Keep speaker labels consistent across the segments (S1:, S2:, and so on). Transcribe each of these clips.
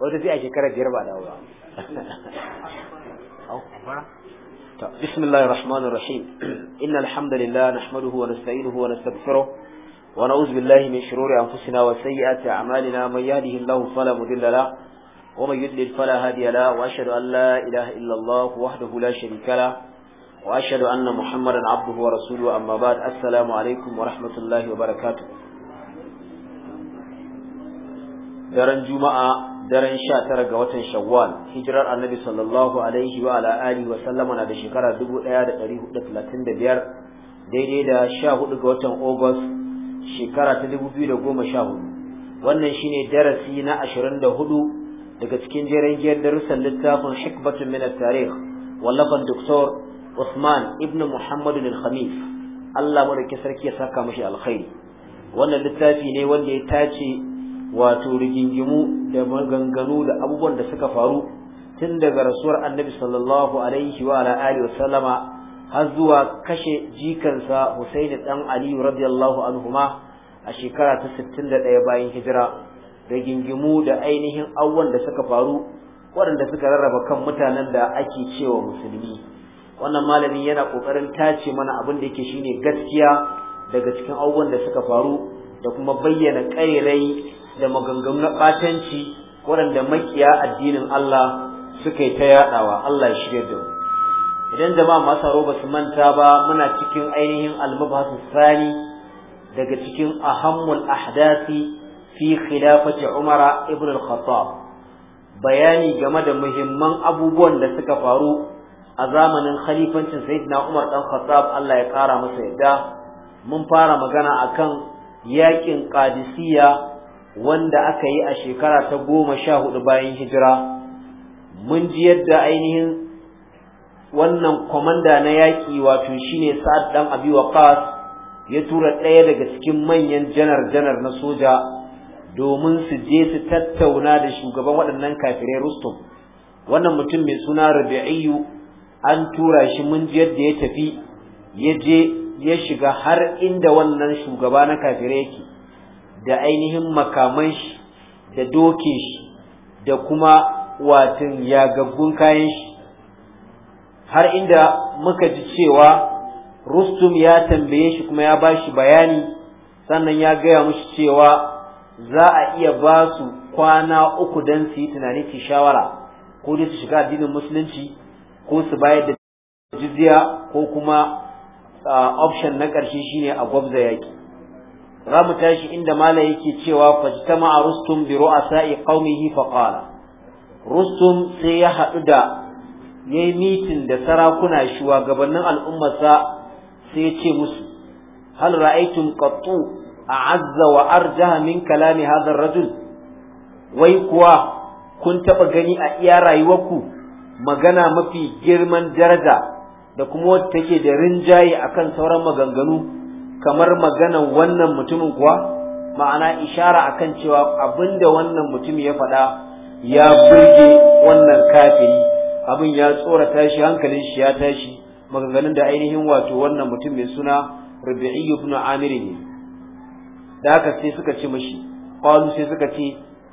S1: wata sai a shekarar biyar ba dawo ba بسم الله الرحمن الرحيم إن الحمد لله نحمده ونستعينه ونستغفره ونعوذ بالله من شرور أنفسنا وسيئات أعمالنا من يهده الله فلا مضل له ومن يضلل فلا هادي له وأشهد أن لا إله إلا الله وحده لا شريك له وأشهد أن محمدا عبده ورسوله أما بعد السلام عليكم ورحمة الله وبركاته daren juma'a daren tara ga watan Shawwal hijirar Annabi sallallahu alaihi wa ala alihi wa sallama na da shekara biyar, daidai da sha hudu ga watan August shekara ta dubu biyu da goma sha hudu. wannan shine darasi na ashirin da hudu daga cikin jerin giyar darussan littafin Hikbatun min at-Tarikh wallafan Dr. Usman ibn Muhammad al-Khamis Allah madaukakin sarki ya saka mashi alkhairi wannan littafi ne wanda ya tace wato rigingimu da maganganu da abubuwan da suka faru tun daga rasuwar annabi sallallahu alaihi wa ala wasallama har zuwa kashe jikansa Hussaini dan Aliyu radiyallahu anhuma a shekara ta sittin da ɗaya bayan hijira rigingimu da ainihin awon da suka faru waɗanda suka rarraba kan mutanen da ake cewa musulmi wannan malami yana ƙoƙarin tace mana abin da yake shine gaskiya daga cikin abubuwan da suka faru da kuma bayyana ƙairai da maganganu na waɗanda makiya addinin Allah suka yi ta yaɗawa Allah ya shirya da idan jama'a masu haro ba su manta ba muna cikin ainihin almabasu sani daga cikin ahammul ahdasi fi khilafati umara ibn al-khattab bayani game da muhimman abubuwan da suka faru a zamanin khalifancin na Umar dan Khattab Allah ya ƙara masa yadda mun fara magana akan yakin Qadisiyya wanda aka yi a shekara ta goma sha hudu bayan hijira mun ji yadda ainihin wannan kwamanda na yaƙi wato shine sa'ad dan abi waqas ya tura ɗaya daga cikin manyan janar-janar na soja domin su je su tattauna da shugaban waɗannan kafirai rustum wannan mutum mai suna rabi'iyu an tura shi mun ji yadda ya tafi ya je ya shiga har inda wannan shugaba na kafirai yake da ainihin makaman shi da dokin shi da kuma watin yagaggun kayan shi har inda muka ji cewa rustum ya tambaye shi kuma ya bashi bayani sannan ya gaya mushi cewa za a iya ba su kwana uku don su yi tunani su shawara ko dai su shiga addinin musulunci ko su bayar da jizya ko kuma ah, option na ƙarshe shine a gwabza yaki zamu tashi inda malai yake cewa fajtama rustum bi ru'asa'i qaumihi fa qala rustum sai ya haɗu da yayi mitin da sarakuna shugabannin al'ummarsa sai ya ce musu hal ra'aytum qattu a'azza wa arja min kalami hadha ar-rajul wai kuwa kun taba gani a iya rayuwarku magana mafi girman daraja da kuma wacce take da rinjaye akan sauran maganganu kamar maganan wannan mutumin kuwa ma'ana ishara akan cewa abinda wannan mutum ya faɗa ya burge wannan kafiri abin ya tsorata shi hankalin shi ya tashi maganganun da ainihin wato wannan mutum mai suna Rabi'i ibn Amir ne da haka sai suka ce mashi, qalu sai suka ce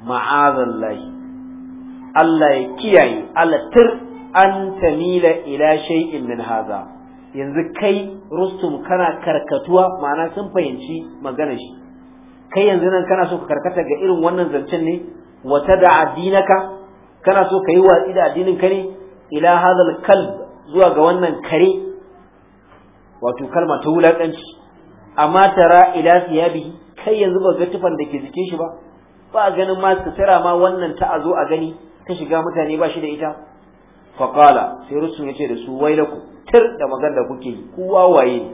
S1: ma'azallahi Allah ya kiyaye alatir an tamila ila shay'in min hadha yanzu kai rustum kana karkatuwa ma'ana sun fahimci magana shi kai yanzu nan kana so ka karkata ga irin wannan zancen ne wata da addinaka kana so ka yi watsi da addinin ka ne ila hadal kalb zuwa ga wannan kare wato kalma ta wulakanci amma tara ila siyabi kai yanzu ba ga tufan da ke jikin shi ba ba ganin ma tara ma wannan ta a zo a gani Ka shiga mutane ba shi da ita faƙala sai rusun ya ce da su ku tir da magana kuke yi ku waye ne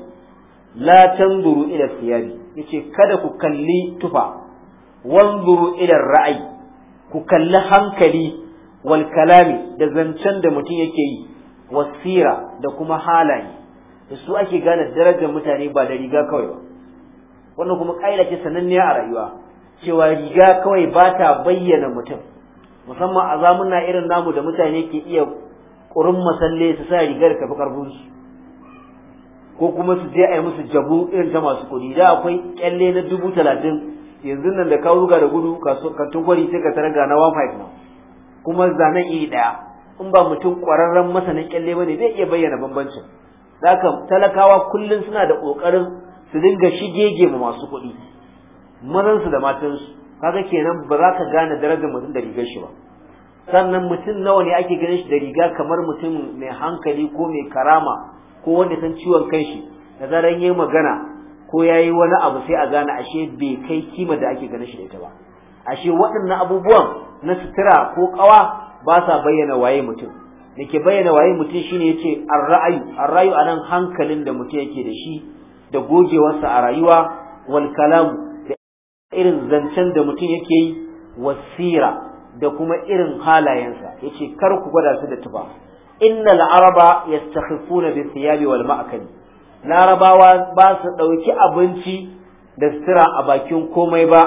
S1: la tanzuru ila siyabi yace kada ku kalli tufa wanzuru ila ra'ayi ku kalli hankali wal kalami da zancen da mutum yake yi wasira da kuma halaye da su ake gane darajar mutane ba da riga kawai ba wannan kuma ƙa'ida ce sananniya a rayuwa cewa riga kawai ba ta bayyana mutum musamman a zamuna irin namu da mutane ke iya ƙurin masalle su sa rigar fi karfin su ko kuma su je a yi musu jabu irin ta masu kuɗi da akwai kyalle na dubu talatin yanzu nan da ka ruga da gudu kantin kwari sai ka tarar ga na one five kuma zanen iri daya in ba mutum ƙwararren masanin kyalle ba ne zai iya bayyana bambancin haka talakawa kullum suna da ƙoƙarin su dinga shigege ma masu kuɗi mazansu da matansu kaga kenan ba za ka gane darajar mutum da rigar shi ba sannan mutum nawa ne ake ganin shi da riga kamar mutum mai hankali ko mai karama ko wanda san ciwon kanshi da zaran yayi magana ko yayi wani abu sai a gane ashe bai kai kima da ake ganin shi da ita ba ashe waɗannan abubuwan na sutura ko kawa ba sa bayyana waye mutum da ke bayyana waye mutum shine yace ar rayu ar anan hankalin da mutum yake da shi da gogewarsa a rayuwa wal kalam da irin zancen da mutum yake yi wasira da kuma irin halayensa yace kar ku gwada su da tufa innal araba yastakhifuna bi thiyabi wal ma'kali larabawa ba su ɗauki abinci da sutura a bakin komai ba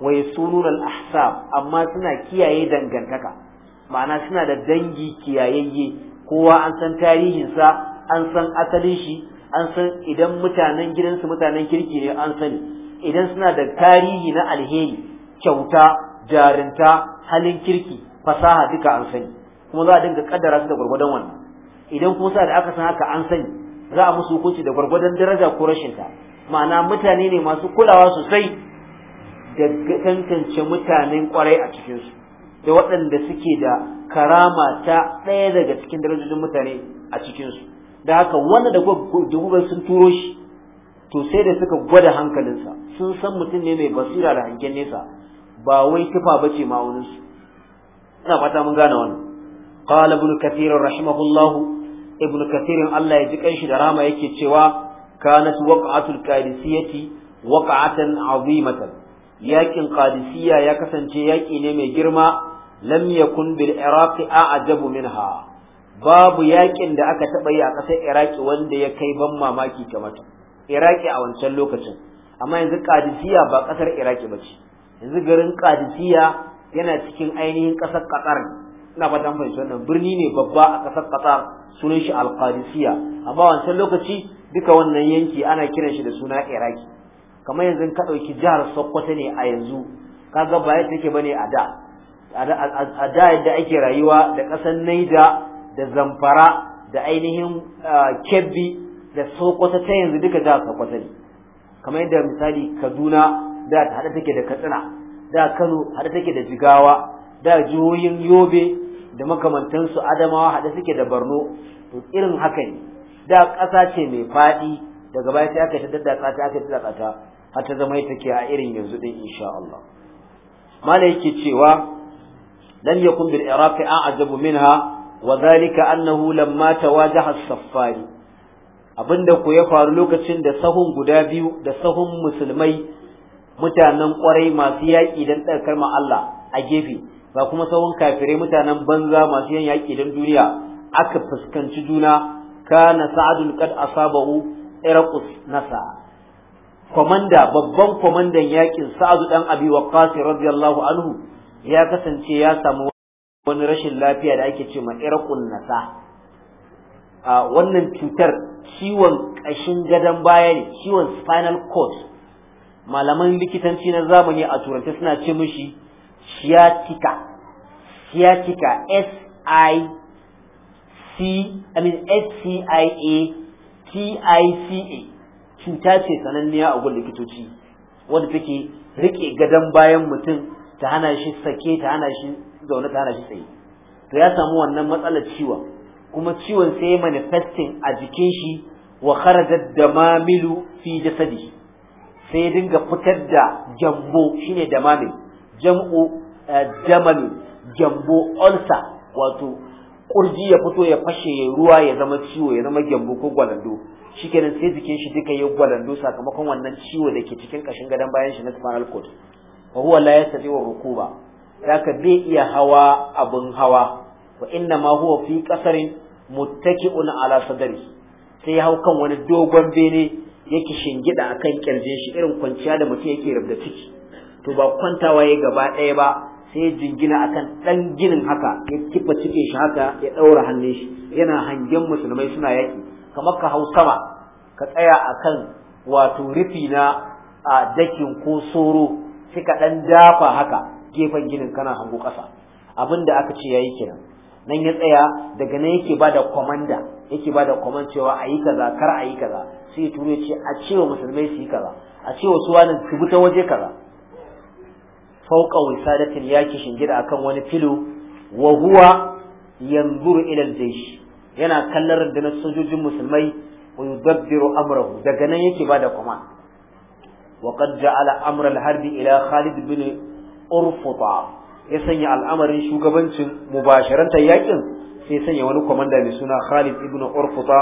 S1: wai yasununa al ahsab amma suna kiyaye dangantaka ma'ana suna da dangi kiyayayye kowa an san tarihinsa an san asalin shi an san idan mutanen gidansu mutanen kirki ne an sani idan suna da tarihi na alheri kyauta jarinta halin kirki fasaha duka an sani kuma za a dinga kaddara su da gwargwadon wannan idan kuma sa da aka san haka an sani za a musu hukunci da gwargwadon daraja ko rashin ta ma'ana mutane ne masu kulawa sosai da tantance mutanen kwarai a cikinsu da waɗanda suke da karama ta ɗaya daga cikin darajojin mutane a cikinsu da haka wanda da gugubar sun turo shi to sai da suka gwada hankalinsa sun san mutum ne mai basira da hangen nesa ba wai tufa bace ma'auninsu. ina fata mun gane wannan qala ibn kathir rahimahullah ibn kathir Allah ya ji kanshi da rama yake cewa kanat waq'atul qadisiyati waq'atan azimatan yakin qadisiya ya kasance yaki ne mai girma lam yakun bil iraqi a'jabu minha babu yakin da aka taɓa yi a ƙasar iraki wanda ya kai ban mamaki mata. iraki a wancan lokacin amma yanzu kadisiya ba ƙasar iraki ba ce yanzu garin kadisiya yana cikin ainihin ƙasar Qatar ina fatan fahimci wannan birni ne babba a ƙasar Qatar sunan shi al qadisiya amma wancan lokaci duka wannan yanki ana kiran shi da suna Iraki kamar yanzu ka ɗauki jihar Sokoto ne a yanzu kaga ba yadda yake bane a da a da yadda ake rayuwa da ƙasar Naija da Zamfara da ainihin Kebbi da Sokoto ta yanzu duka jihar Sokoto ne kamar yadda misali Kaduna da hada take da katsina da kano hada take da jigawa da jihohin yobe da su adamawa hada take da Barno. to irin haka ne da ƙasa ce mai faɗi daga baya sai aka ta daddatsa sai aka daddatsa ta har ta zama take a irin yanzu din insha Allah mala yake cewa lam yakun bil iraqi a'jabu minha wa dhalika annahu lamma tawajaha as-saffari abinda ku ya faru lokacin da sahun guda biyu da sahun musulmai mutanen kwarai masu yaƙi don ɗaga ma Allah a gefe ba kuma sauran kafirai mutanen banza masu yin yaƙi don duniya aka fuskanci juna ka na sa'adun kad asabahu irakus nasa komanda babban kwamandan yaƙin sa'adu ɗan abi waqqas radiyallahu anhu ya kasance ya samu wani rashin lafiya da ake ce ma irqun nasa a wannan cutar ciwon ƙashin gadan baya ne ciwon spinal cord malaman likitanci na zamani a turanci suna ce mishi sciatica sciatica s i c i mean s c i a t i c a cuta ce sananniya a gun likitoci wadda take rike gadon bayan mutum ta hana shi sake ta hana shi zaune ta hana shi tsaye to ya samu wannan matsalar ciwon kuma ciwon sai manifesting a jikin shi wa kharajat damamilu fi jasadi sai dinga fitar da jambo shine damamin jam'u eh, damami jambo ulcer wato kurji ya fito ya fashe ruwa ya zama ciwo ya zama jambo ko gwalando shikenan sai jikin shi duka ya gwalando sakamakon wannan ciwo da ke cikin kashin gadon bayan shi na spinal cord wa huwa la yastati wa rukuba zaka bai iya hawa abun hawa wa inna ma huwa fi qasarin muttaki'un ala sadri sai ya hau kan wani dogon bene yake shingida akan kirjin shi irin kwanciya da mutum yake rubda ciki to ba kwantawa ya gaba ɗaya ba sai ya jingina akan ɗan ginin haka ya kifa cikin shi haka ya ɗaura hannun shi yana hangen musulmai suna yaki, kamar ka hau sama ka tsaya akan wato rufi na a dakin ko soro sai ka ɗan dafa haka gefen ginin kana hango ƙasa abin da aka ce ya yi kenan nan ya tsaya daga nan yake bada da kwamanda yake bada kwaman cewa a yi kaza kar ayi kaza sai ya ce a cewa musulmai su yi kaza a cewa su wani su bi ta waje kaza fauka sadatin ya ki shingida akan wani filo wa huwa yanzuru ila al-jaysh yana kallon rundunar sojojin musulmai wa yudabbiru amrahu daga nan yake bada kwaman wa qad ja'ala amra al-harbi ila Khalid bin Urfuta ya sanya al'amarin shugabancin mubasharantar yakin sai sanya wani komanda mai suna Khalid ibn Urfuta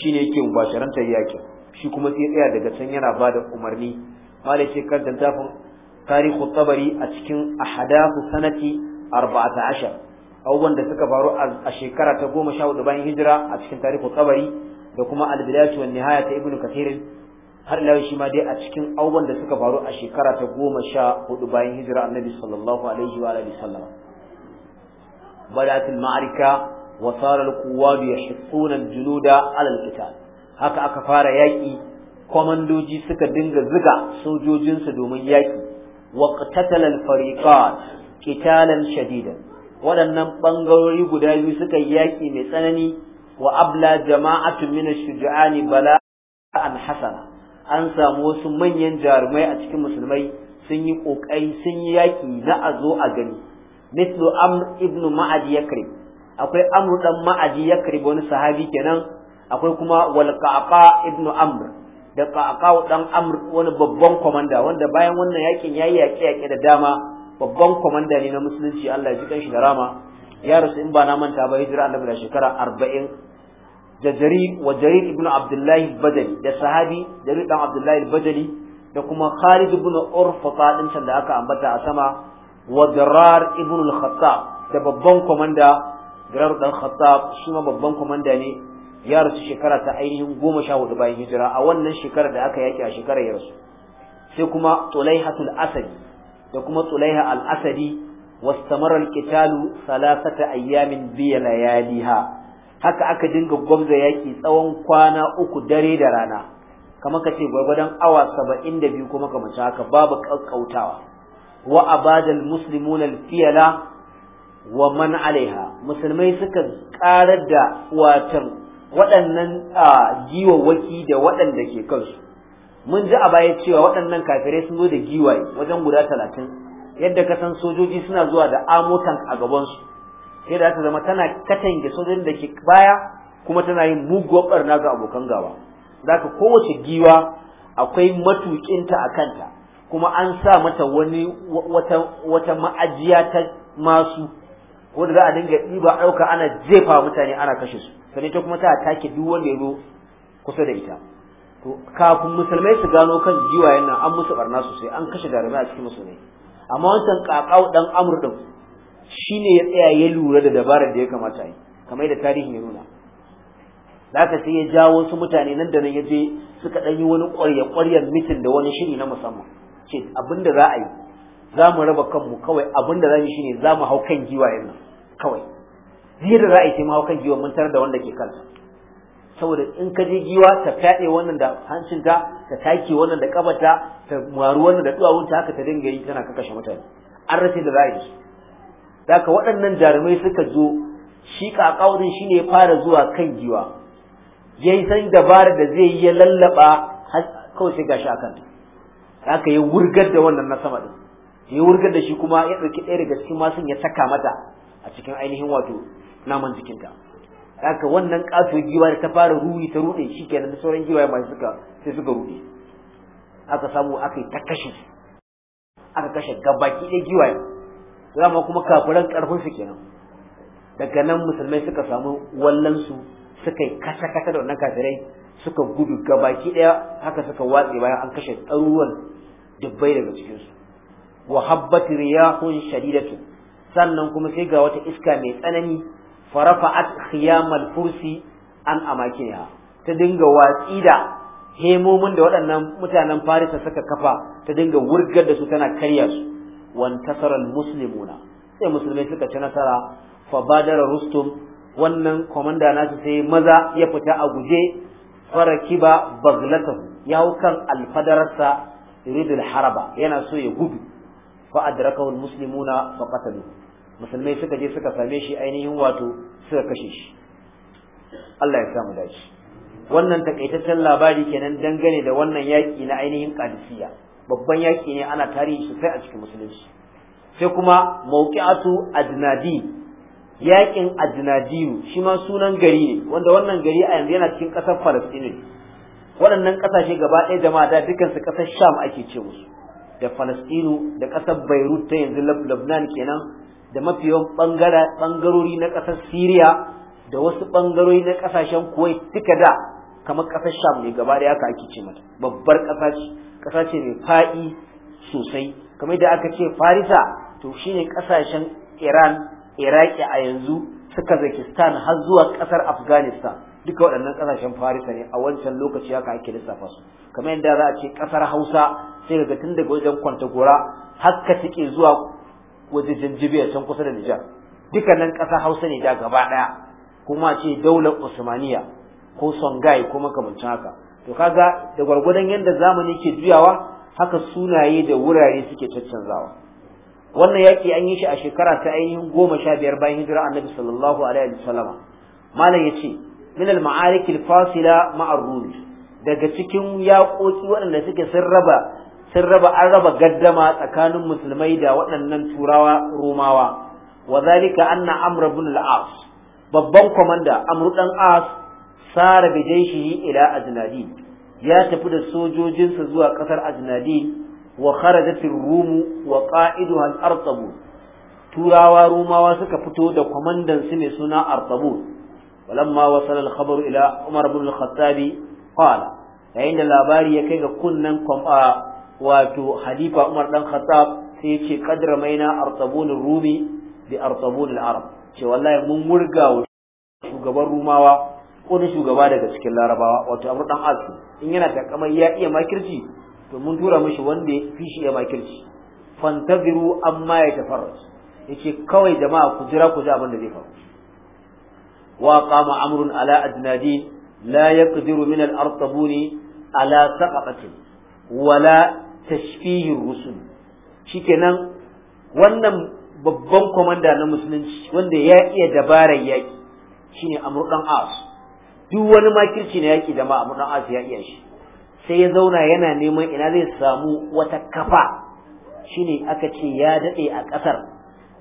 S1: shine yake mubasharanta yakin shi kuma sai tsaya daga can yana ba da umarni malai ce kan tantafin tarihu tabari a cikin ahadathu sanati 14 abubuwan da suka faru a shekara ta goma sha hudu bayan hijira a cikin tarihu tabari da kuma albidayatu wan nihaya ta ibnu kathirin har ila shi ma dai a cikin abubuwan da suka faru a shekara ta goma sha hudu bayan hijira annabi sallallahu alaihi wa alihi sallama badatul ma'arika Wasarar kuwa al-quwwad yahiqquna al-juluda ala al haka aka fara yaƙi kwamandoji suka dinga ziga sojojinsu domin yaƙi. wa qatatala al-fariqan qitalan waɗannan ɓangarori guda biyu suka yi yaƙi mai tsanani wa abla jama'atu min ash-shuja'ani bala'an hasana an samu wasu manyan jarumai a cikin musulmai sun yi kokari sun yi yaki na a zo a gani mislu amr ibn ma'ad yakrib akwai amru dan ma'aji ya karbi wani sahabi kenan akwai kuma wal qaqa ibn amr da qaqa dan amr wani babban komanda wanda bayan wannan yakin yayi yaki yaki da dama babban komanda ne na musulunci Allah ya ji kanshi da rama ya rasu in ba na manta ba hijira Allah da shekara 40 da jarir wa jarir ibn abdullahi badali da sahabi jarir dan abdullahi badali da kuma khalid ibn urfata din da aka ambata a sama wa darar ibn al-khattab da babban komanda Jirar ɗan Khattab shi ma babban kwamanda ne ya rasu shekara ta ainihin goma sha hudu bayan hijira a wannan shekarar da aka yaƙi a shekarar ya rasu sai kuma tsulaihatul Asadi da kuma Tulaiha al-Asadi واستمر القتال ayyamin أيام بلياليها haka aka dinga gwamza yaƙi tsawon kwana uku dare da rana kamar kace gwargwadon awa 72 kuma kamar haka babu kakkautawa wa abadal muslimuna fiyala wa man alaiha musulmai suka karar da watan waɗannan giwawaki da waɗanda ke kansu mun ji a baya cewa waɗannan kafirai sun zo da giwaye wajen guda talatin yadda ka san sojoji suna zuwa da amotan a gabansu sai da ta zama tana katange sojojin da ke baya kuma tana yin muguwar barna ga abokan gaba ka kowace giwa akwai matukinta a kanta kuma an sa mata wani wata wata ma'ajiya ta masu wanda za a dinga ɗiba ɗauka ana jefa mutane ana kashe su sannan ta kuma ta take duk wanda ya kusa da ita to kafin musulmai su gano kan jiwayen nan an musu barna sosai an kashe jarumai a cikin musulmai amma wancan kakau dan amur din shine ya tsaya ya lura da dabarar da ya kamata yi kamar yadda tarihi ya nuna zaka sai ya jawo wasu mutane nan da nan ya je suka ɗan yi wani ƙwarya ƙwaryar mitin da wani shiri na musamman ce abinda za a yi za mu raba kanmu kawai abinda za mu shine za mu hau kan giwayen nan kawai zai da za a yi kan giwa mun tarar da wanda ke kansa saboda in ka je giwa ta fyaɗe wannan da hancinta ta take wannan da kabata ta maru wannan da duwawunta haka ta dinga yi tana kakashe mutane an rasa da za a yi waɗannan jarumai suka zo shi shi shine ya fara zuwa kan giwa ya yi san dabarar da zai yi ya lallaba kawai sai gashi akan haka ya wurgar da wannan na sama din ya wurgar da shi kuma ya ɗauki ɗaya daga cikin masun ya saka mata a cikin ainihin wato naman jikinta haka wannan kaso giwa da ta fara ruwi ta ruɗe shi sauran giwaye masu suka sai suka ruɗe aka samu aka yi ta kashe aka kashe gabaki ɗaya giwaye zama kuma kafiran ƙarfin su kenan daga nan musulmai suka samu wallansu suka yi kasa-kasa da wannan kafirai suka gudu gabaki ɗaya haka suka watse bayan an kashe ɗaruwan dubbai daga cikinsu wa habbat riyahun shadidatun sannan kuma sai ga wata iska mai tsanani farafa'at khiyamal fursi an amakiya ta dinga watsi da hemomin da waɗannan mutanen Farisa suka kafa ta dinga wurgar da su tana karya su wan tasaral muslimuna sai musulmai suka ci nasara fa badara rustum wannan komanda nasu sai maza ya fita a guje farakiba baglatahu ya hau kan alfadararsa yuridul haraba yana so ya gudu fa adrakahu almuslimuna fa qataluhu musulmai suka je suka same shi ainihin wato suka kashe shi Allah ya samu dace wannan takaitaccen labari kenan dangane da wannan yaƙi na ainihin Qadisiyya babban yaƙi ne ana tarihi sosai a cikin musulunci sai kuma mawqi'atu Ajnadi yaƙin Ajnadiyu shi ma sunan gari ne wanda wannan gari a yanzu yana cikin ƙasar Falastinu waɗannan ƙasashe gaba ɗaya jama'a da dukkan su ƙasar Sham ake ce musu da Falastinu da ƙasar Beirut ta yanzu Lebanon kenan da mafiyan bangarori na ƙasar Siriya da wasu bangarori na ƙasashen Kuwait duka da kamar ƙasar Sham ne gaba da yaka ake ce mata babbar ƙasa ce ƙasa ce mai fa'i sosai kamar da aka ce Farisa to shine ƙasashen Iran Iraki a yanzu su Kazakhstan har zuwa ƙasar Afghanistan duka waɗannan ƙasashen Farisa ne a wancan lokaci haka ake lissafa su kamar yadda za a ce ƙasar Hausa sai daga tun daga wajen Kwantagora ka take zuwa wajen janjibiya can kusa da Nijar nan ƙasa Hausa ne da gaba ɗaya kuma ce daular Usmaniya ko Songhai ko makamancin haka to kaga da gwargwadon yadda zamani ke juyawa haka sunaye da wurare suke caccanzawa wannan yaƙi an yi shi a shekara ta ainihin goma sha biyar bayan hijira annabi sallallahu alaihi wasallama malam ya ce min al ma'arik al fasila ma'ar daga cikin yaƙoƙi waɗanda suke sun raba sun raba an raba gaddama tsakanin musulmai da waɗannan turawa romawa wa zalika anna amr ibn al-as babban komanda amr dan as sara bi jayshihi ila aznadi ya tafi da sojojinsa zuwa kasar aznadi wa kharajat ar-rum wa qa'iduha al-artabu turawa romawa suka fito da komandan su mai suna Walamma artabu ولما وصل Ila Umar عمر al-Khattabi قال yayin da labari ya kai ga kunnen wato halifa Umar dan Khattab sai yace qad ramaina artabun rumi bi artabun al-arab ce wallahi mun murga shugaban rumawa ko da shugaba daga cikin larabawa wato amur dan asu in yana takamai ya iya makirci to mun tura mishi wanda ya fi shi ya makirci fantaziru amma ya tafarras yace kawai jama'a ku jira ku ji abin da zai faru wa qama amrun ala adnadin la yaqdiru min al-artabuni ala saqatin wala tashfihin rusul shikenan wannan babban komanda na musulunci wanda ya iya dabarar yaƙi shine amr dan as duk wani makirci na yaƙi da ma dan as ya iya shi sai ya zauna yana neman ina zai samu wata kafa shine aka ce ya dade a ƙasar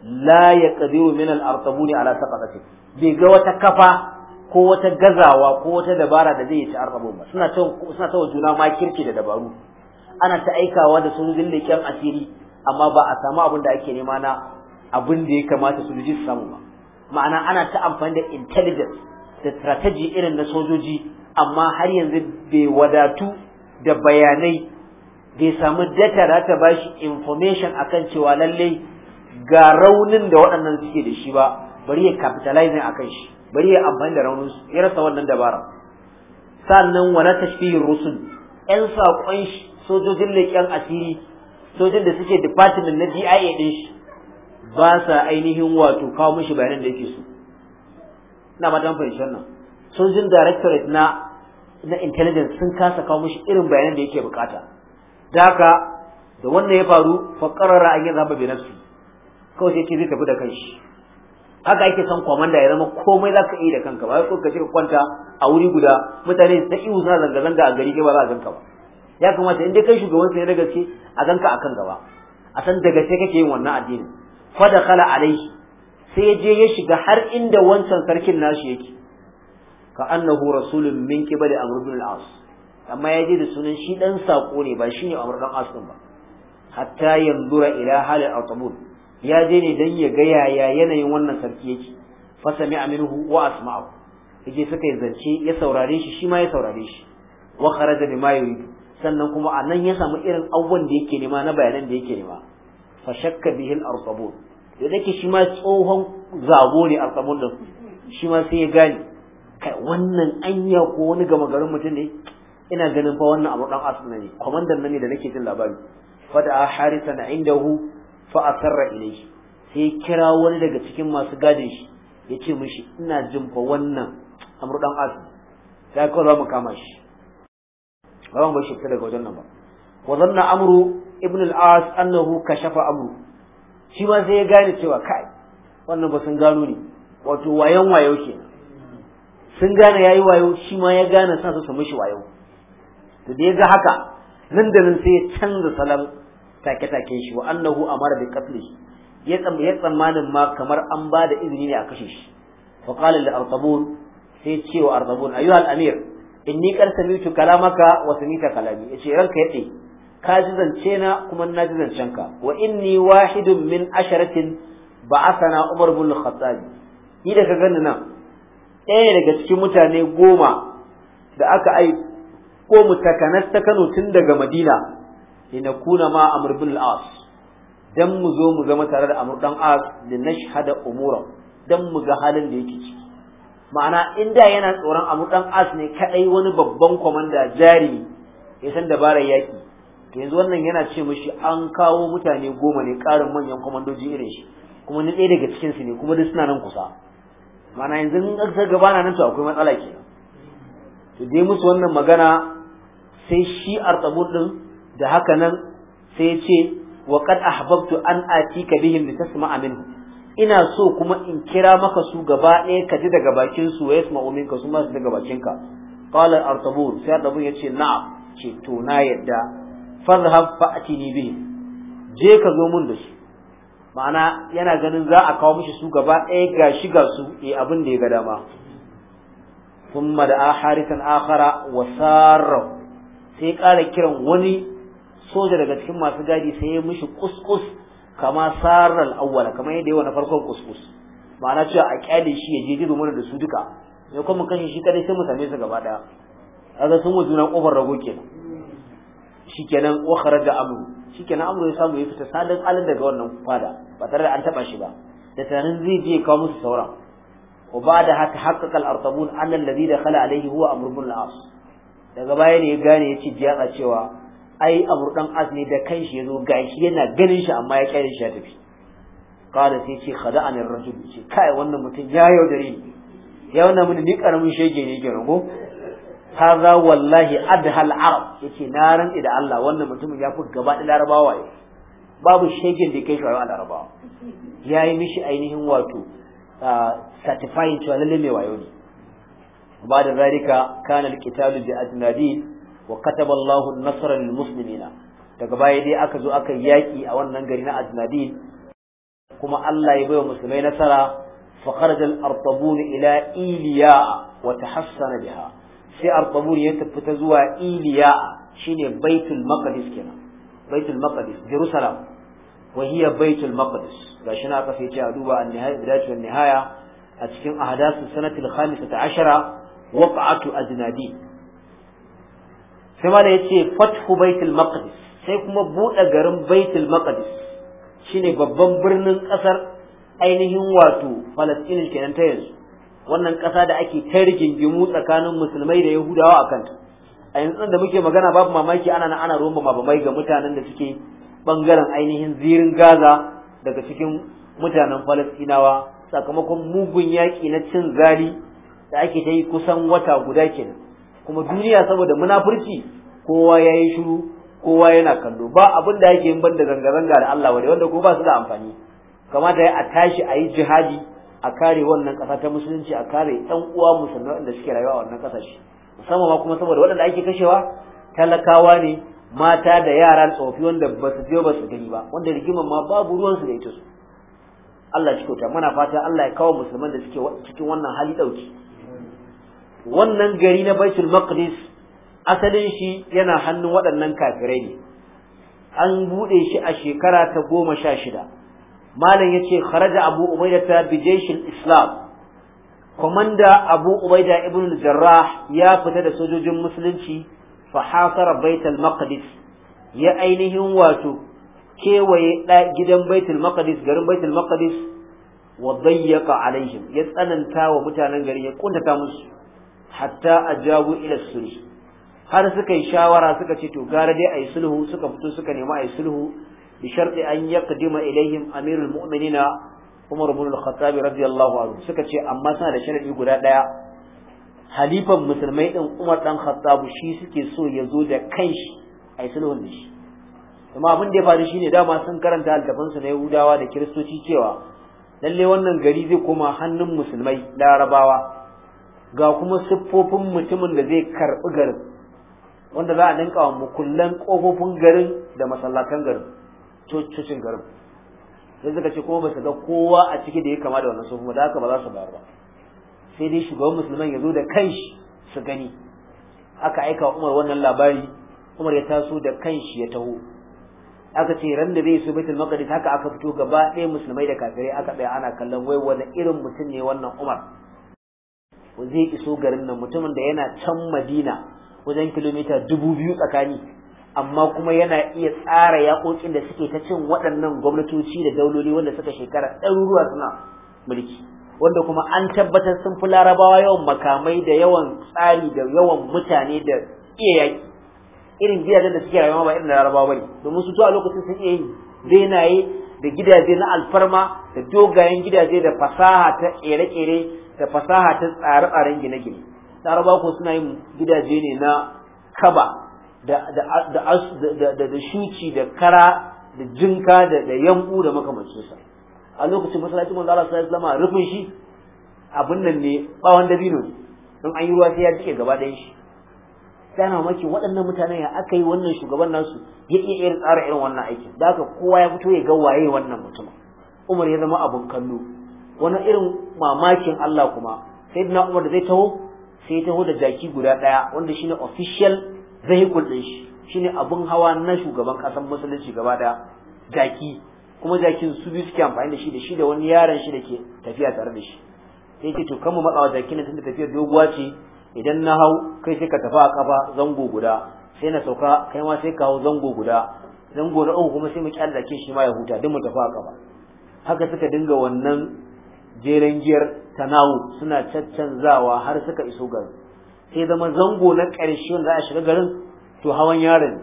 S1: la yaqdiru min al-artabuni ala saqatati bai ga wata kafa ko wata gazawa ko wata dabara da zai ci artabun ba suna ta suna ta juna makirci da dabaru ana ta aikawa da sun sojojin leken asiri amma ba a samu abin da ake nema na abin da ya kamata su su samu ba ma'ana ana ta amfani da intelligence da strategy irin na sojoji amma har yanzu bai wadatu da bayanai bai samu data da ta shi information akan cewa lallai ga raunin da waɗannan suke da shi ba bari ya capitalizing akan shi bari ya amfani da raunin su ya rasa wannan dabara sannan wala tashbihin rusul yan saƙon shi sojojin leƙen asiri sojin da suke department na DIA din shi ba sa ainihin wato kawo mishi bayanan da yake so ina ba ta nan sojin directorate na na intelligence sun kasa kawo mishi irin bayanan da yake bukata da haka da wannan ya faru fa qarara an yazhaba bi nafsi kawai sai ke zai tafi da kanshi haka ake son kwamanda ya zama komai zaka yi da kanka ba ko ka ce kwanta a wuri guda mutane da iwu suna zanga zanga a gari ba za a ganka ba ya kamata in dai kai shugaban sai da gaske a ganka akan gaba a san daga sai kake yin wannan addini fa da kala alaihi sai ya je ya shiga har inda wancan sarkin nashi yake ka annahu rasulun min kibali amr ibn al-as amma ya je da sunan shi dan sako ne ba shine amr al as ba hatta yanzura ila al atabun ya je ne dan ya ga yaya yanayin wannan sarki yake fa sami'a minhu wa asma'a yaje suka yi zance ya saurare shi shi ma ya saurare shi wa kharaja bima yuridu sannan kuma a nan ya samu irin awwan da yake nema na bayanan da yake nema fa shakka bihi al-arsabun da yake shi ma tsohon zago ne al-arsabun da shi ma sai ya gane kai wannan anya ko wani gama garin mutum ne ina ganin fa wannan abu dan asuna ne komandan nan ne da nake jin labari fa da harisan indahu fa asarra ilayhi sai ya kira wani daga cikin masu gadin shi yace mishi ina jin fa wannan amru dan asu sai ka zo mu kama shi ba mu bashi daga wajen nan ba wa zanna amru ibn al-as annahu kashafa amru shi ma sai ya gane cewa kai wannan ba sun gano ne wato wayan wayo ke sun gane yayi wayo shi ma ya gane sa su shi wayo to da ya ga haka nan da nan sai ya canza salam take take shi wa annahu amara bi qatli ya tsammanin ma kamar an ba da izini ne a kashe shi fa qala al arqabun sai ce wa arqabun ayyuhal amir inni kar samitu kalamaka wa samita kalami yace ranka yade ka ji zance na kuma na ji zancen ka wa inni wahidun min asharatin ba'athana umar bin al-khattab ni da ka gani nan ɗaya daga cikin mutane goma da aka ai ko mutakanas ta Kano tun daga Madina kuna ma amr ibn al-as dan mu zo mu zama tare da amr dan as linashhada umura dan mu ga halin da yake ciki ma'ana inda yana tsoron abu dan as ne kadai wani babban komanda jari ya san dabarar yaki to yanzu wannan yana ce mishi an kawo mutane goma ne karin manyan komandoji irin shi kuma ni ɗaya daga cikin su ne kuma duk suna nan kusa ma'ana yanzu in aka gaba na nan to akwai matsala ke to dai musu wannan magana sai shi artabud din da haka nan sai ya ce wa qad ahbabtu an atika bihim litasma'a minhu ina so kuma in kira maka su gaba ɗaya ka ji daga bakin su wayes ma'umin ka su ma su daga bakin ka qala artabur sai artabur yace na'am ce to na yadda fadhhab fa'tini bihi je ka zo mun da shi. ma'ana yana ganin za a kawo mishi su gaba ɗaya ga shi ga su eh abin da ya ga dama thumma da harisan akhara wa sarra sai ƙara kiran wani soja daga cikin masu gadi sai ya mishi kuskus kama sarar awwala kamar yadda yawa na farkon kuskus ma'ana cewa a kyale shi ya je mana da su duka ne kuma kashe shi kadai sai mu same su gaba daya kaga sun wuce nan kofar rago kenan shikenan wa kharaja amru shikenan amru ya samu ya fita sadan alin daga wannan fada ba tare da an taba shi ba da tunanin zai je kawo musu sauran wa ba'da haka haqqaqa al-artabun anna alladhi dakhala alayhi huwa amru al-as daga baya ne ya gane ya ce jiya cewa ai amr dan azmi da kanshi yazo gashi yana ganin shi amma ya kyale shi ya tafi qala sai ce khada'ani ar-rajul ce kai wannan mutum ya yaudare ni ya wannan mun ni karamin shege ne ke rago hadha wallahi adhal arab yace na ran da Allah wannan mutumin ya fi gaba da larabawa ne babu shegen da kai shi larabawa yayi mishi ainihin wato certifying to lalle mai wayo ne ba da zalika kana al bi wa kataba Allahu nasra lil muslimina daga baya dai aka zo aka yaki a wannan gari na Ajnadin kuma Allah ya baiwa musulmai nasara fa kharaja al artabun ila iliya wa tahassana biha sai artabun ya tafi ta zuwa iliya shine baitul maqdis kenan baitul maqdis jerusalem wa hiya baitul maqdis gashi na aka sai ce a duba an nihaya bidatu nihaya a cikin ahdasu sanatil khamisata ashara waqa'atu ajnadin sai ma ya ce fathu baitul maqdis sai kuma buɗe garin baitul maqdis shine babban birnin ƙasar ainihin wato falastin kenan ta yanzu wannan ƙasa da ake ta rigingimu tsakanin musulmai da yahudawa a kanta a yanzu da muke magana babu mamaki ana nan ana roma mabamai ga mutanen da suke bangaren ainihin zirin gaza daga cikin mutanen falastinawa sakamakon mugun yaƙi na cin zali da ake ta yi kusan wata guda kenan kuma duniya saboda munafurci kowa ya yi shiru kowa yana kallo ba abin da yake yin banda zanga-zanga da Allah wadai wanda ko ba su da amfani kamata ya a tashi a yi jihadi a kare wannan ƙasa ta musulunci a kare ɗan uwa musulmai wanda suke rayuwa a wannan ƙasashe musamman ma kuma saboda waɗanda ake kashewa talakawa ne mata da yara tsofi wanda ba su je ba su gani ba wanda rigimar ma babu ruwansu da ita su Allah shi kyauta muna fata Allah ya kawo musulman da suke cikin wannan hali ɗauki wannan gari na baitul maqdis asalin shi yana hannun waɗannan kafirai ne an buɗe shi a shekara ta goma sha shida malam ya ce kharaja abu ubaida ta bijeshin islam komanda abu ubaida ibn jarrah ya fita da sojojin musulunci fa hasara baitul maqdis ya ainihin wato kewaye gidan baitul maqdis garin baitul maqdis wa dayyaka alaihim ya tsananta wa mutanen gari ya kuntata musu hatta ajabu ila sulh har suka yi shawara suka ce to gara dai ayi sulhu suka fito suka nemi ayi sulhu bi sharti an yaqdima ilaihim amirul mu'minina Umar ibn al-Khattab radiyallahu anhu suka ce amma suna da sharadi guda daya halifan musulmai din Umar dan Khattab shi suke so ya zo da kanshi ayi sulhun da shi amma abin da ya faru shine dama sun karanta aldaban su na Yahudawa da Kiristoci cewa lalle wannan gari zai koma hannun musulmai Larabawa ga kuma siffofin mutumin da zai karɓi garin wanda za a dinka wa mukullan ƙofofin garin da masallatan garin cocin garin sai suka ce kuma ba su ga kowa a ciki da ya kama da wannan sufu da haka ba za su bayar ba sai dai shugaban musulman ya zo da kanshi su gani aka aika wa umar wannan labari umar ya taso da kanshi ya taho aka ce ran da zai so baitul maqdis haka aka fito gaba ɗaya musulmai da kafirai aka tsaya ana kallon wai wani irin mutum ne wannan umar zai iso garin nan mutumin da yana can madina wajen kilomita dubu biyu tsakani amma kuma yana iya tsara yaƙoƙin da suke ta cin waɗannan gwamnatoci da dauloli wanda suka shekara ɗaruruwa suna mulki wanda kuma an tabbatar sun fi larabawa yawan makamai da yawan tsari da yawan mutane da iya yaƙi irin gidajen da suke rayuwa ba irin larabawa ne domin su a lokacin sun iya yin benaye da gidaje na alfarma da dogayen gidaje da fasaha ta ƙere-ƙere da fasaha ta tsare-tsaren gine-gine laraba ko suna yin gidaje ne na kaba da shuci da kara da jinka da yanku da makamancinsa a lokacin masallacin manzo Allah sallallahu alaihi rufin shi abin nan ne bawon dabino Don an yi ruwa sai ya dike gaba ɗayan shi sai na maki waɗannan mutane ya aka yi wannan shugaban nasu ya iya irin tsara irin wannan aikin da haka kowa ya fito ya ga waye wannan mutum Umar ya zama abun kallo wani irin mamakin Allah kuma sai Umar da zai taho sai taho da jaki guda daya wanda shine official vehicle din shi shine abun hawa na shugaban kasar musulunci gaba da jaki kuma jakin su biyu suke amfani da shi da shi da wani yaron shi da ke tafiya tare da shi sai ce to kan mu matsawa jakin tunda tafiyar doguwa ce idan na hau kai sai ka tafi a kafa zango guda sai na sauka kai ma sai ka hau zango guda zango na uku kuma sai mu kyalla jakin shi ma ya huta duk mu tafi a kafa haka suka dinga wannan jeren giyar tanawu suna caccanzawa har suka iso garin sai zama zango na ƙarshe wanda za a shiga garin to hawan yaron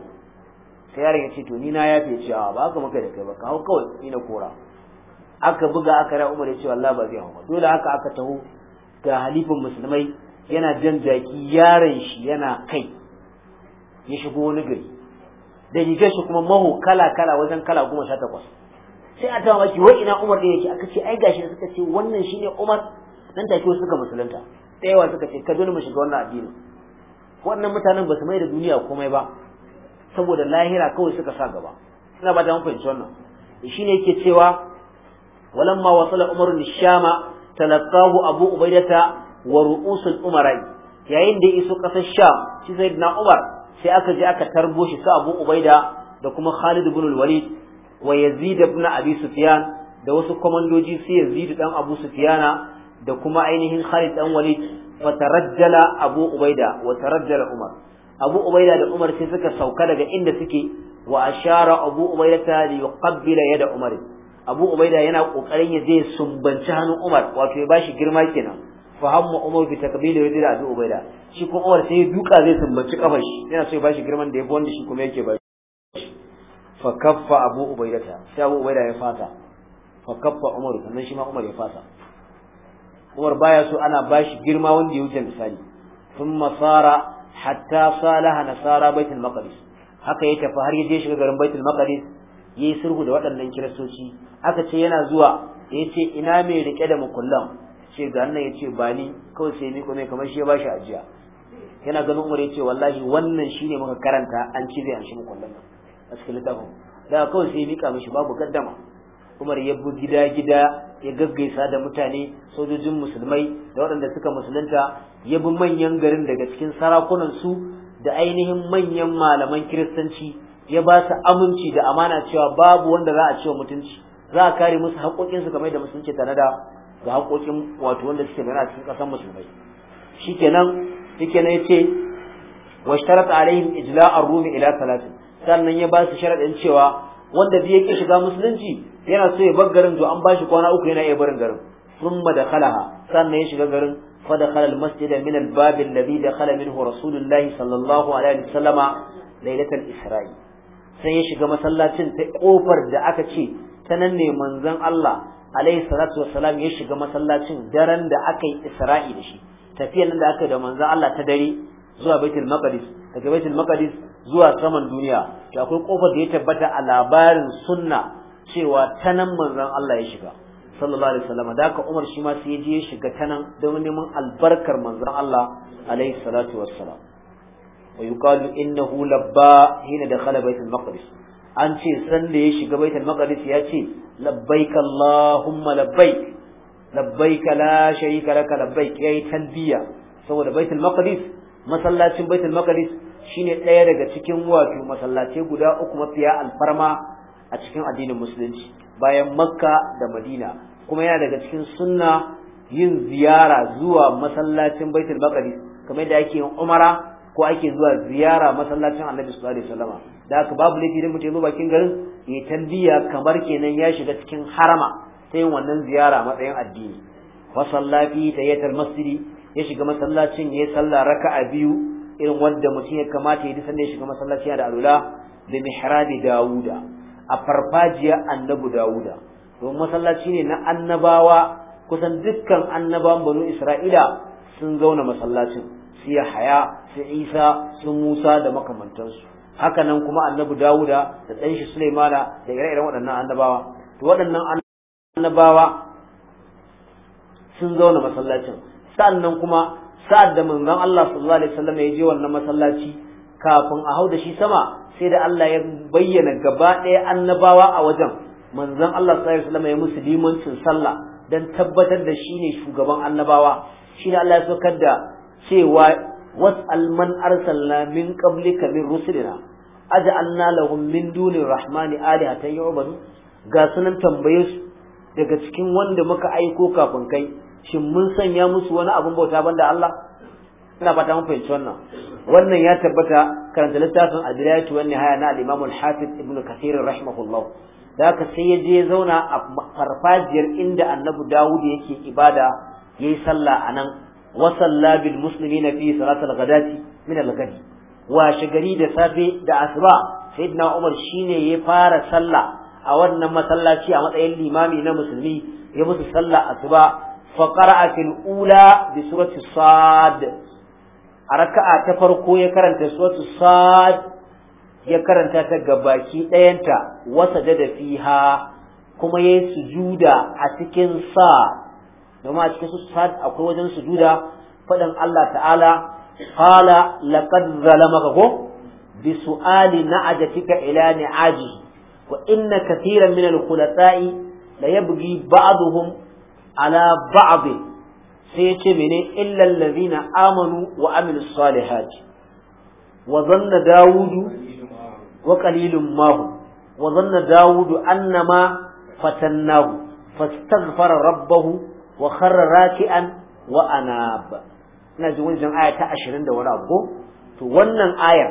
S1: sai yaron ya ce to ni na ya fi ce cewa ba haka maka da kai ba ka hau kawai ni na kora aka buga aka ra umar ya ce wallahi ba zai hau ba dole haka aka taho ga halifin musulmai yana jan jaki yaron shi yana kai ya shigo wani gari da rigar shi kuma maho kala kala wajen kala goma sha takwas sai a tawa maki wai ina Umar din yake aka ce ai gashi suka ce wannan shine Umar nan take wasu suka musulunta da yawa suka ce ka zo mu shiga wannan addini wannan mutanen ba su mai da duniya komai ba saboda lahira kawai suka sa gaba ina ba da mun fahimci wannan e, shine yake cewa walamma wasala Umar shama talaqahu Abu Ubaidata wa ru'usul umara'i yayin da ya iso kasar Sham shi Sayyidina Umar sai aka je aka tarbo shi su Abu Ubaida da kuma Khalid ibn al-Walid wa yazid ibn abi sufyan da wasu komandoji su yazid dan abu sufyana da kuma ainihin khalid dan walid wa tarajjala abu ubaida wa tarajjala umar abu ubaida da umar sai suka sauka daga inda suke wa ashara abu ubaida ta li yuqabbila yada umar abu ubaida yana kokarin ya je sumbanci hannun umar wato ya bashi girma kenan fa hamma umar bi takbili yada abu ubaida shi ko umar sai ya duka zai sumbanci kafar shi yana so ya bashi girman da ya bonda shi kuma yake ba fa abu ubaidata sai abu ubaida ya fasa fa umar sannan shi ma umar ya fasa umar baya so ana bashi girma wanda ya wuce misali thumma sara hatta salaha nasara baitul maqdis haka ya tafi har ya je shiga garin baitul maqdis yayi sulhu da waɗannan kiristoci aka ce yana zuwa yace ina mai rike da mukullan ce ga nan yace ba ni kawai sai ni mai kamar shi ya bashi ajiya yana ganin umar yace wallahi wannan shine muka karanta an ci zai an shi mukullan a cikin littafin da kawai sai ya mika mishi babu gaddama Umar ya bi gida gida ya gaggaisa da mutane sojojin musulmai da waɗanda suka musulunta ya bi manyan garin daga cikin sarakunan su da ainihin manyan malaman kiristanci ya ba su aminci da amana cewa babu wanda za a wa mutunci za a kare musu haƙoƙinsu kamar da musulunci tare da ga haƙoƙin wato wanda suke gana cikin ƙasar musulmai shikenan shikenan yace washtarat alaihim ijla'ar rumi ila talatin sannan ya ba su sharaɗin cewa wanda da yake shiga musulunci yana so ya bar garin to an ba shi kwana uku yana iya barin garin sun madakalaha sannan ya shiga garin fadakala almasjid min albab alladhi dakhala minhu rasulullahi sallallahu alaihi wasallama lailatul isra'i sai ya shiga masallacin ta kofar da aka ce ta nan ne manzon Allah alaihi salatu wassalam ya shiga masallacin daren da aka yi isra'i da shi tafiyar nan da aka yi da manzon Allah ta dare zuwa baitul maqdis daga baitul maqdis zuwa saman duniya to akwai kofar da ya tabbata a labarin sunna cewa tanan nan manzon Allah ya shiga sallallahu alaihi wasallam da haka Umar shi ma sai ya je ya shiga tanan don neman albarkar manzon Allah alaihi salatu wassalam wa yuqalu innahu labba hina dakhala baitul maqdis an ce san da ya shiga baitul maqdis ya ce labbaik allahumma labbaik labbaik la sharika laka labbaik yayi talbiya saboda baitul maqdis masallacin baitul maqdis shine ɗaya daga cikin wato masallace guda uku mafiya alfarma a cikin addinin musulunci bayan makka da madina kuma yana daga cikin sunna yin ziyara zuwa masallacin baitul maqdis kamar yadda ake yin umara ko ake zuwa ziyara masallacin annabi sallallahu alaihi wasallam da haka babu laifi idan mutum ya zo bakin garin ya tambiya kamar kenan ya shiga cikin harama ta yin wannan ziyara matsayin addini wa ta tahiyatul masjidi ya shiga masallacin ya sallah raka'a biyu irin wanda mutum ya kamata ya yi sanda ya shiga masallaci da alula da mihrabi da'uda a farfajiya annabi da'uda to masallaci ne na annabawa kusan dukkan annabawan banu isra'ila sun zauna masallacin su yahaya su isa su musa da makamantansu haka nan kuma annabi da'uda da ɗan shi sulaimana da ire waɗannan annabawa to waɗannan annabawa sun zauna masallacin Sa'an nan kuma sa'ad da manzon Allah sallallahu alaihi wasallam ya je wannan masallaci kafin a hau da shi sama sai da Allah ya bayyana gaba ɗaya annabawa a wajen manzon Allah sallallahu alaihi wasallam ya musu limancin sallah dan tabbatar da shi ne shugaban annabawa shine Allah ya saukar da cewa was'al man arsalna min qablika min rusulina aj'alna lahum min duni rahmani alihatan yu'badu ga sunan tambaye su daga cikin wanda muka aiko kafin kai shin mun sanya musu wani abin bauta banda Allah ina fata mun fahimci wannan wannan ya tabbata karanta littafin adriyatu wan nihaya na al-imam al-hafiz ibnu kathir rahimahullah da ka sai ya je ya zauna a farfajiyar inda annabi dawud yake ibada yayi sallah anan wa salla bil muslimina fi salatil ghadati min al-ghadi wa shagari da safe da asuba sayyidina umar shine ya fara sallah a wannan masallaci a matsayin limami na musulmi ya musu sallah asuba فقرأ في الأولى بسورة الصاد أركع تفرقو يكرن سورة الصاد يكرن تتقباكي لينتا وسجد فيها كما يسجود أتكن صاد وما أتكن صاد أو وجن سجودا فدن الله تعالى قال لقد ظلمك بسؤال نعجتك إلى نعاجه وإن كثيرا من الخلطاء ليبغي بعضهم ala ba'd sai yace mene illa allazina amanu wa amilus salihati wa zanna daudu wa qalilum ma hum wa dhanna daudu annama fatannahu fastaghfara rabbahu wa kharra raki'an wa anab ina ji wajen aya ta 20 da wani abu to wannan aya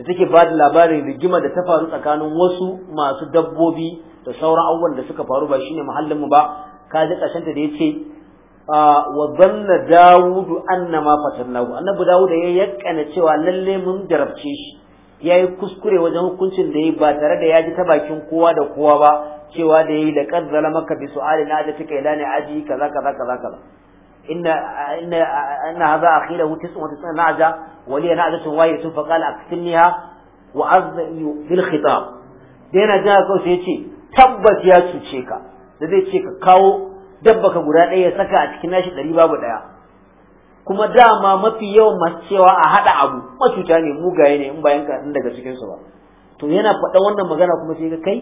S1: da take ba da labarin rigima da ta faru tsakanin wasu masu dabbobi da sauran abubuwan da suka faru ba shi muhallin mu ba ka ji ƙarshen da yace wa dhanna dawudu annama fatannahu annabi dawuda ya yakkana cewa lalle mun jarabce shi yayi kuskure wajen hukuncin da yi ba tare da ya ji ta bakin kowa da kowa ba cewa da yayi laqad zalamaka bi na da take ila ne aji kaza kaza kaza kaza إن إن أن هذا أخي له تسع وتسعين نعجة ولي نعجة واحدة فقال أقتلنيها وأرض في الخطاب دينا جاء كو ce. tabbas ya cuce ka da zai ce ka kawo dabba ka guda ɗaya ya saka a cikin nashi ɗari babu ɗaya kuma dama mafi yawan masu cewa a haɗa abu macuta ne mugaye ne in bayan ka daga cikinsu ba to yana faɗa wannan magana kuma sai ka kai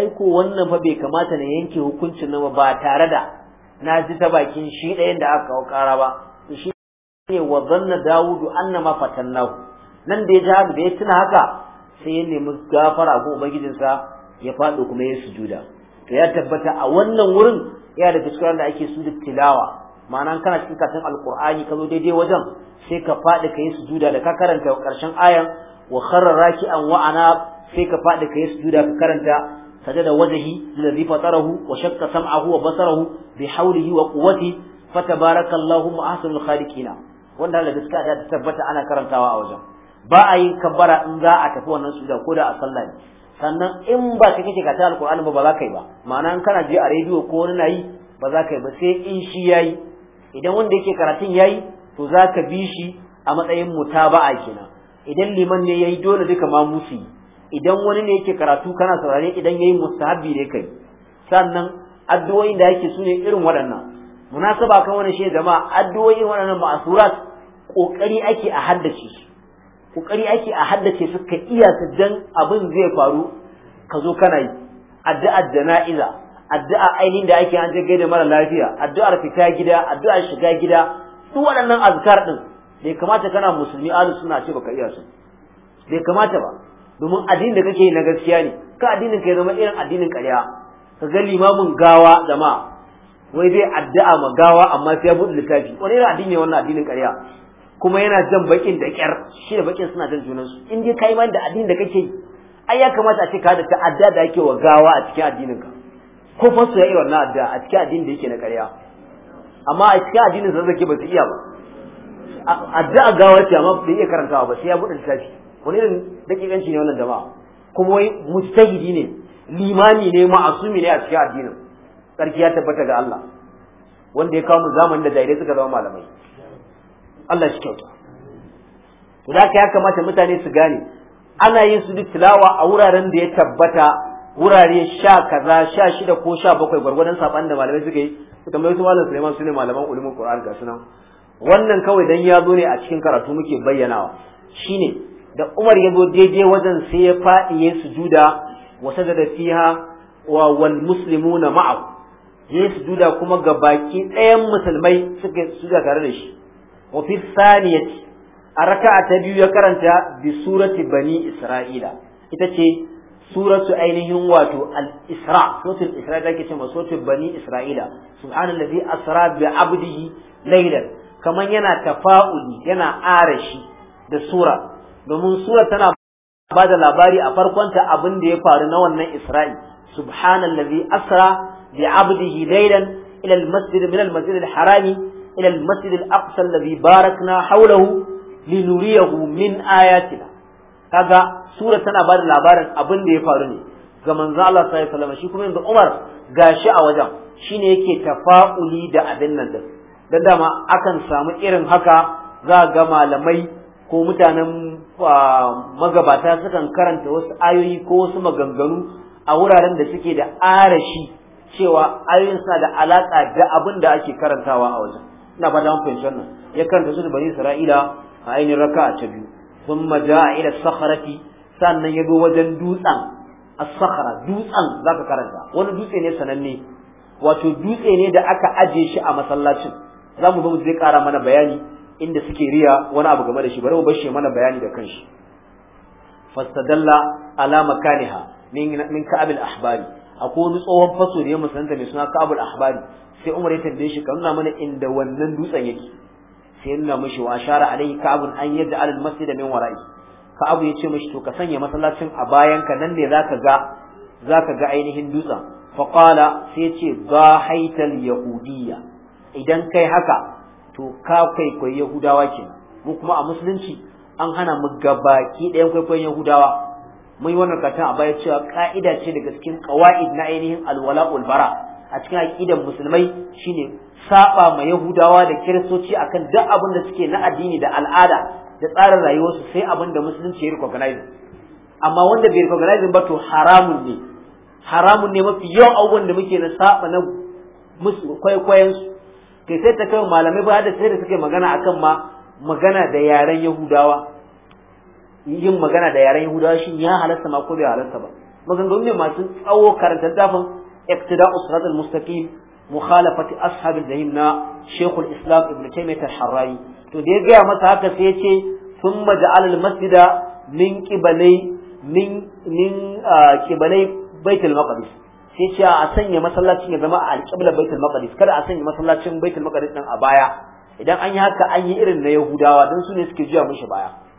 S1: aiko wannan fa bai kamata na yanke hukuncin nan ba tare da na ji ta bakin shi ɗayan da aka kawo ƙara ba to shi ne wa zanna dawudu annama fatannahu nan da ya ji haka da ya tuna haka sai ya nemi gafara ga ubangijinsa ya faɗo kuma ya sujuda to ya tabbata a wannan wurin ya da cikin da ake sujud tilawa ma'ana kana cikin katin alqur'ani ka zo daidai wajen sai ka faɗi ka yi sujuda da ka karanta karshen ayan wa kharra raki'an wa ana sai ka faɗi ka yi sujuda ka karanta sajada wajhi lillazi fatarahu wa shakka sam'ahu wa basarahu bi hawlihi wa quwwati fatabarakallahu ahsanul khaliqina wanda da gaskiya da tabbata ana karantawa a wajen ba a yi kabbara in za a tafi wannan sujuda ko da a sallah ne sannan in ba ka kake ka ta alqur'ani ba ba za ka yi ba ma'ana in kana ji a rediyo ko wani na yi ba za ka yi ba sai in shi yayi idan wanda yake karatun yayi to za ka bi shi a matsayin mutaba'a kenan idan liman ne yayi dole duka ma musu idan wani ne yake karatu kana saurare idan yayi mustahabbi ne kai sannan addu'o'in da yake su ne irin waɗannan munasaba kan wani shi jama'a addu'o'in waɗannan ma'asurat kokari ake a haddace shi kokari ake a haddace su ka iya su dan abin zai faru ka zo kana yi addu'ar jana'iza addu'a ainihin da ake an je da mara lafiya addu'ar fita gida addu'ar shiga gida su waɗannan azkar din bai kamata kana musulmi alu suna ce baka iya su bai kamata ba domin addinin da kake na gaskiya ne ka addinin ka ya zama irin addinin ƙarya ka ga limamin gawa ma. wai zai addu'a ma gawa amma sai ya buɗe littafi wani irin addini wannan addinin ƙarya kuma yana jan bakin da kyar shi da bakin suna jan junansu in dai kai man da addinin da kake ai ya kamata a ce ka da ta'adda da yake wa gawa a cikin addinin ka ko fa su yi wannan adda a cikin addinin da yake na ƙarya amma a cikin addinin sa zake ba su iya ba adda a gawa ce amma bai iya karantawa ba sai ya buɗe littafi wani irin dakikanci ne wannan jama'a kuma wai mujtahidi ne limami ne ma'asumi ne a cikin addinin sarki ya tabbata ga Allah wanda ya kawo mu zamanin da jahilai suka zama malamai Allah shi kyauta to da ya kamata mutane su gane ana yin su tilawa a wuraren da ya tabbata wurare sha kaza sha shida ko sha bakwai gwargwadon saɓan da malamai suka yi su tambayi su malam suleiman su ne malaman qur'an ga sunan wannan kawai dan ya zo ne a cikin karatu muke bayyanawa shine da umar ya zo daidai wajen sai ya faɗi ya sujuda wa sajada fiha wa wal muslimuna ma'ahu ya sujuda kuma ga baki ɗayan musulmai suka sujuda tare da shi wa fi thaniyati a raka'a ta biyu ya karanta bi surati bani isra'ila ita ce suratu ainihin wato al-isra suratul isra da ake cewa suratul bani isra'ila subhanallazi asra bi abdihi laylan kaman yana tafa'uli yana arashi da sura domin sura tana ba da labari a farkonta abin da ya faru na wannan isra'i subhanallazi asra bi abdihi laylan ila al-masjid harami إلى المسجد الأقصى الذي باركنا حوله لنريه من آياتنا kaga sura tana ba da labarin abin da ya faru ne ga manzo Allah sallallahu alaihi wasallam shi kuma yanzu Umar gashi a wajen shine yake tafa'uli da abin nan din dama akan samu irin haka za ga malamai ko mutanen magabata sukan karanta wasu ayoyi ko wasu maganganu a wuraren da suke da arashi cewa ayoyin suna da alaƙa da abin da ake karantawa a wajen ina ba da hankali sannan ya karanta su da bani isra'ila a ainihin raka a ta biyu sun maja ila sakharati sannan ya zo wajen dutsen as-sakhara dutsen zaka karanta wani dutse ne sananne wato dutse ne da aka aje shi a masallacin za mu zo mu zai kara mana bayani inda suke riya wani abu game da shi bari mu bashe mana bayani da kanshi fastadalla ala makaniha min min ka'abil ahbari akwai wani tsohon faso da ya musulunta mai suna kabul ahbari sai umar ya tambaye shi ka nuna mana inda wannan dutsen yake sai nuna mishi wa ashara alaihi ka'abun an yadda alal masjid min wara'i kabu ya ce mishi to ka sanya masallacin a bayan ka nan ne zaka ga zaka ga ainihin dutsen fa qala sai ce ba haital yahudiyya idan kai haka to ka kai yahudawa kenan mu kuma a musulunci an hana mu gabaki ɗayan kwaikwayon yahudawa mun yi wannan katan a baya cewa ka'ida ce daga cikin qawaid na ainihin alwala ulbara, bara a cikin aqidar musulmai shine saba ma yahudawa da kiristoci akan duk abin da suke na addini da al'ada da tsarin rayuwarsu sai abin da musulunci ya recognize amma wanda bai recognize ba to haramun ne haramun ne mafi yawan abubuwan da muke na saba na kwaikwayon su kai sai ta kai malamai ba da sai da suke magana akan ma magana da yaren yahudawa yin magana da yaren yahudawa shin ya halasta ma ko bai halasta ba maganganu ne masu tsawo karanta tafan. iqtida'u sirat al-mustaqim mukhalafati ashab al-jahim na shekul islam ibn taymiyyah al-harrani to da ya gaya masa haka sai ya ce thumma ja'ala al-masjida min min min ah, qibalai baitul maqdis sai ce a sanya masallacin ya zama a alƙiblar baitul maqdis kada a sanya masallacin baitul maqdis din a baya idan an yi haka an yi irin na yahudawa don su ne suke juya mishi baya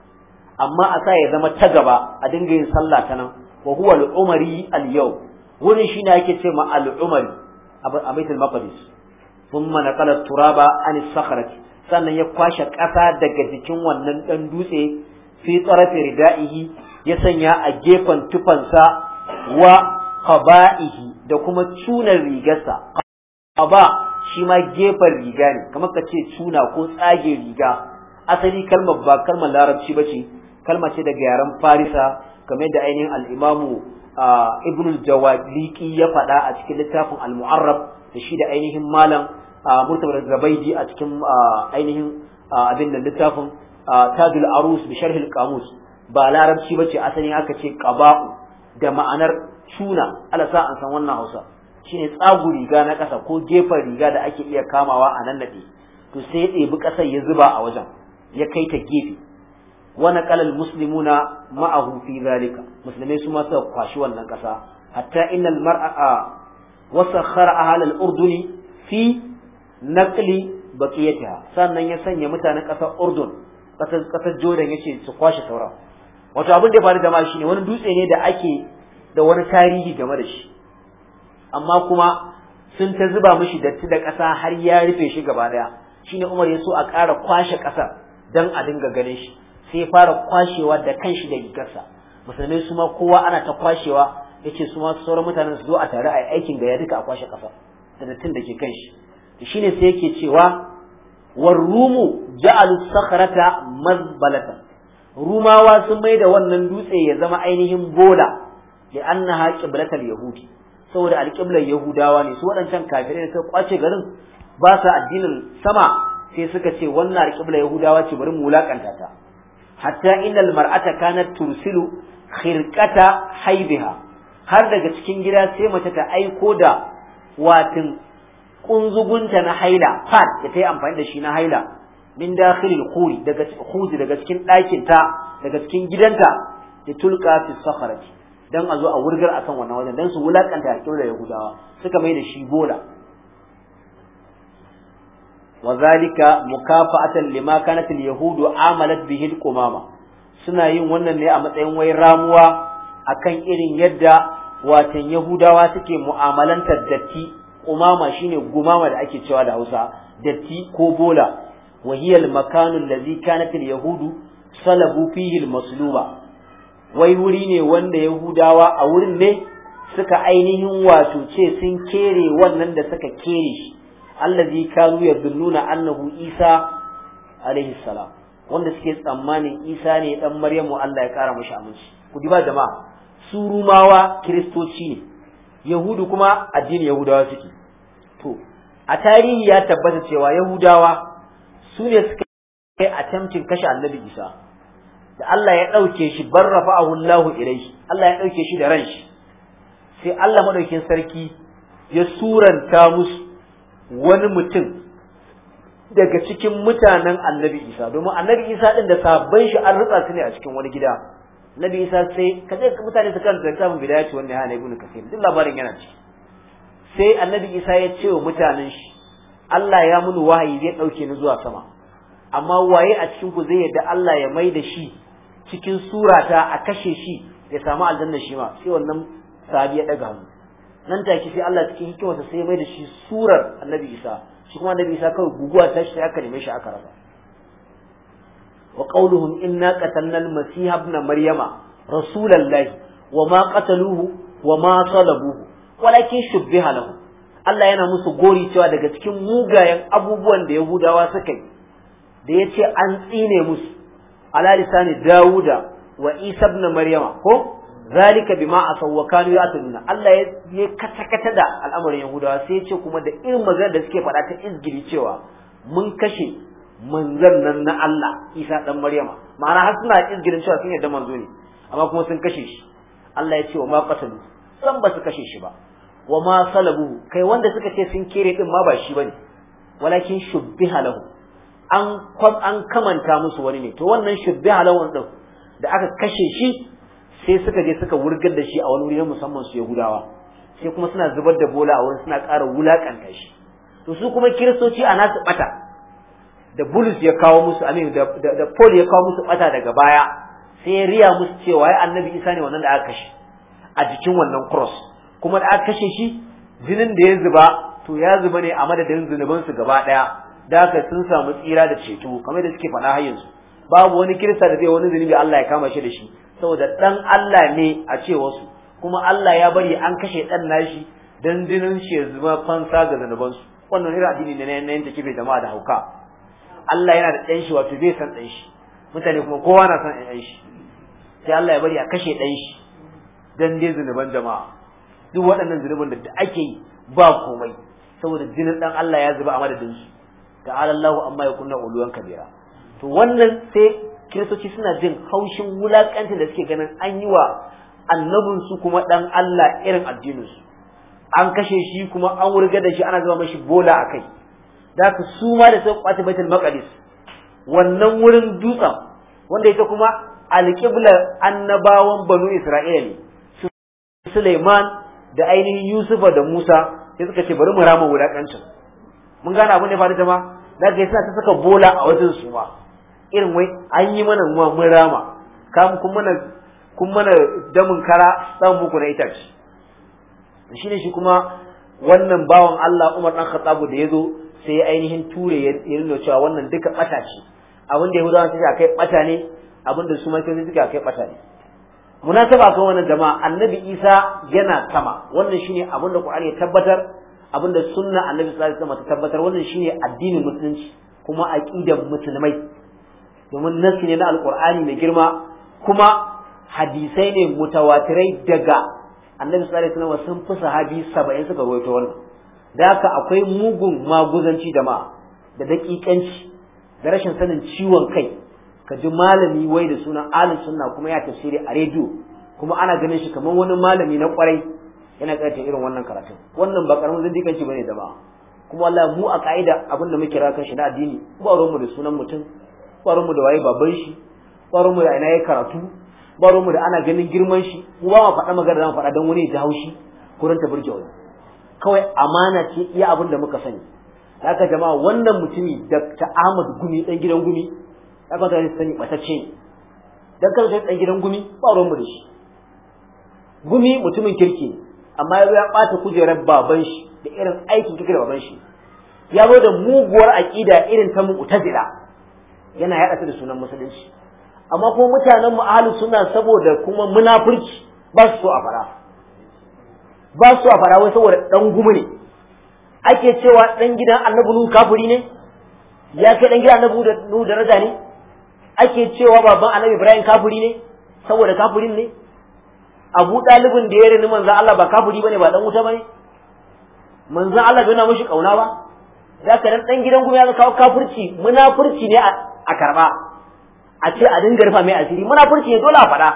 S1: amma a sa ya zama ta gaba a dinga yin sallah ta nan wa huwa al-umari al-yau wurin shi ne yake ce ma al-umari a baitul maqdis thumma naqala turaba an sakhrati sannan ya kwashe ƙasa daga jikin wannan dan dutse fi tsarafi ridaihi ya sanya a gefen tufansa wa qaba'ihi da kuma tunan rigarsa qaba shi ma gefen riga ne kamar ka ce tuna ko tsage riga asali kalmar ba kalmar larabci bace kalma ce daga yaren farisa kamar da ainihin al'imamu ibn al-jawaliki ya faɗa a cikin littafin al-mu'arrab da shi da ainihin malam murtaba zabaidi a cikin ainihin abin da littafin tajul arus bi sharhil qamus ba larabci bace asali aka ce qaba'u da ma'anar suna ala sa an san wannan hausa shine tsagu riga na ƙasa ko gefen riga da ake iya kamawa a nan nade to sai ya ɗebi ƙasar ya zuba a wajen ya kai ta gefe wana naqala almuslimuna ma'ahu fi zalika musulmai su ma suka kwashi wannan kasa hatta ina mar'a wasakhara ahal al-urduni fi naqli baqiyatiha sannan ya sanya mutanen ƙasa urdun ƙasar kasar jordan yace su kwashe saura. wato abin da ya faru da shi ne wani dutse ne da ake da wani tarihi game da shi amma kuma sun ta zuba mishi datti da ƙasa har ya rufe shi gaba ɗaya shine Umar ya so a ƙara kwashe ƙasa dan a dinga ganin shi sai fara kwashewa da kanshi da rigarsa musulmai su ma kowa ana ta kwashewa yace su ma sauran mutanen su zo a tare a aikin gaya duka a kwashe kafa da dattin da ke kanshi shine sai yake cewa war rumu ja'al sakhrata mazbalatan rumawa sun mai da wannan dutse ya zama ainihin bola li annaha qiblatal yahudi saboda alqiblar yahudawa ne su wadancan kafirai da suka kwace garin ba sa addinin sama sai suka ce wannan alqiblar yahudawa ce bari mu wulakanta ta hatta inal mar'ata kanat tursilu khirqata haibiha har daga cikin gida sai mace ta aiko da watin kunzugunta na haila pad da ta yi amfani da shi na haila min dakhilil khuri daga khuzi daga cikin dakin ta daga cikin gidanta ya tulqa fi sakharati dan a zo a wurgar akan wannan wajen dan su wulakanta hakkin da Yahudawa suka mai da shi bola Mazalika zalika mukafa'atan lima kanat al-yahudu amalat bihi al suna yin wannan ne a matsayin wai ramuwa akan irin yadda watan yahudawa suke mu'amalantar datti umama shine gumama da ake cewa da Hausa datti ko bola wa hiya al yahudu salabu fihi al wai wuri ne wanda yahudawa a wurin ne suka ainihin wato ce sun kere wannan da suka kere shi allazi kanu yadulluna annahu isa alayhi salam wanda suke tsammanin isa ne dan maryamu Allah ya kara mashi aminci ku diba jama'a su rumawa kiristoci ne yahudu kuma addinin yahudawa suke to a tarihi ya tabbata cewa yahudawa su ne suka yi attempting kashe annabi isa da Allah ya dauke shi barrafa ahullahu shi, Allah ya dauke shi da ran shi sai Allah madaukin sarki ya suranta musu wani mutum daga cikin mutanen annabi isa domin annabi isa din da sabon shi an rutsa su ne a cikin wani gida annabi isa sai ka mutane su karanta littafin bidaya ce wanda ya hana kasir duk labarin yana ciki sai annabi isa ya ce wa mutanen shi Allah ya muni wahayi zai dauke ni zuwa sama amma waye a cikin ku zai yadda Allah ya mai da shi cikin surata a kashe shi ya samu aljanna shi ma sai wannan sahabi ya daga hannu nan take sai Allah cikin hikimarsa sai mai da shi surar annabi Isa shi kuma annabi Isa kawai guguwa ta shi aka neme shi aka rasa wa qauluhum inna qatalna al-masiha ibn maryama rasulallahi wa ma qataluhu wa ma salabuhu walakin shubbiha lahu Allah yana musu gori cewa daga cikin mugayen abubuwan da Yahudawa suka yi da yace an tsine musu ala lisani Dawuda wa Isa ibn Maryama ko zalika bima sauwa wa kanu Allah ya kata kata da al'amarin Yahudawa sai ya ce kuma da irin magana da suke faɗa ta izgiri cewa mun kashe manzon nan na Allah Isa dan Maryama ma'ana har suna izgirin cewa sun yarda manzo ne amma kuma sun kashe shi Allah ya ce wa ma qatalu san ba su kashe shi ba wa ma salabu kai wanda suka ce sun kere din ma ba shi bane walakin shubbiha lahu an an kamanta musu wani ne to wannan shubbiha lahu din da aka kashe shi sai suka je suka wurgar da shi a wani wuri na musamman su yahudawa sai kuma suna zubar da bola a wurin suna ƙara wulaƙanta shi to su kuma kiristoci a nasu ɓata da bulus ya kawo musu amin da paul ya kawo musu ɓata daga baya sai ya riya musu cewa ya annabi isa ne wannan da aka kashe a jikin wannan cross kuma da aka kashe shi jinin da ya zuba to ya zuba ne a madadin zunubansu gaba ɗaya da aka sun samu tsira da ceto kamar da suke faɗa har yanzu babu wani kirista da zai wani zunubi Allah ya kama shi da shi saboda dan Allah ne a ce wasu kuma Allah ya bari an kashe dan nashi dan jinin shi ya zama fansa ga zanuban su wannan irin addini ne na yanta kibe jama'a da hauka Allah yana da dan shi wato zai san dan shi mutane kuma kowa na san dan shi sai Allah ya bari a kashe dan shi dan dai zanuban jama'a duk waɗannan zunubin da ake yi ba komai saboda jinin dan Allah ya zuba a madadin shi ta'ala Allahu amma yakunna uluwan kabira to wannan sai kiristoci suna jin haushin wulakancin da suke ganin an yi wa annabinsu kuma dan Allah irin addininsu an kashe shi kuma an wurga da shi ana zama mashi bola a kai da su su ma da suka kwace baitul maqdis wannan wurin dutsen wanda ita kuma alƙiblar annabawan banu isra'ila ne Suleiman da ainihin Yusufa da Musa sai suka ce bari mu rama wulakancin mun gane abin da ya faru da ma da ga suna ta saka bola a wajen su ba irin wai an yi mana ruwa mun rama kam kun mana kun mana damin kara tsan muku na itace shine shi kuma wannan bawan Allah Umar dan Khattabu da yazo sai ya ainihin ture ya nuna cewa wannan duka bata ce abin da Yahudawa suka kai bata ne abin da su ma sai suka kai bata ne munasaba kan wannan jama'a Annabi Isa yana sama wannan shine abin da Qur'ani ya tabbatar abin da sunna Annabi sallallahu alaihi wasallam ta tabbatar wannan shine addinin musulunci kuma aqidar musulmai domin nassi ne na alkur'ani mai girma kuma hadisai ne mutawatirai daga annabi sallallahu alaihi wasallam sun fi sahabi 70 suka rawaito wannan da haka akwai mugun maguzanci da ma da dakikanci da rashin sanin ciwon kai ka ji malami wai da sunan alim sunna kuma ya tafsiri a rediyo kuma ana ganin shi kamar wani malami na kwarai yana karanta irin wannan karatun wannan ba karamin zindikanci bane ba kuma wallahi mu a ka'ida abin da muke rakan shi na addini ba ruwanmu da sunan mutum baron mu da waye baban shi baron mu da ina ya karatu baron mu da ana ganin girman shi mu ba mu faɗa magana mu faɗa don wani ya ji haushi ko ta burge wani kawai amana ce iya abin da muka sani haka jama'a wannan mutumi dr Ahmad Gumi dan gidan Gumi ya ba ta sani batacce ne dan kansa dan gidan Gumi ba ruwan mu da shi Gumi mutumin kirki ne amma ya ya ɓata kujerar baban shi da irin aikin kirki da baban shi ya zo da muguwar aƙida irin ta mu'tazila yana yaɗa ta da sunan musulunci amma kuma mutanen mu ahli sunna saboda kuma munafurci ba su so a fara ba su so a fara wai saboda dan gumu ne ake cewa dan gidan annabi nu kafiri ne ya kai dan gidan annabi da nu daraja ne ake cewa baban annabi ibrahim kafiri ne saboda kafirin ne abu dalibin da ya rini manzo Allah ba kafiri bane ba dan wuta bane manzo Allah bai na mushi kauna ba da ka dan gidan gumi ya kawo kafirci munafurci ne a a karba a ce a dinga rufa mai asiri munafurci ne dole a faɗa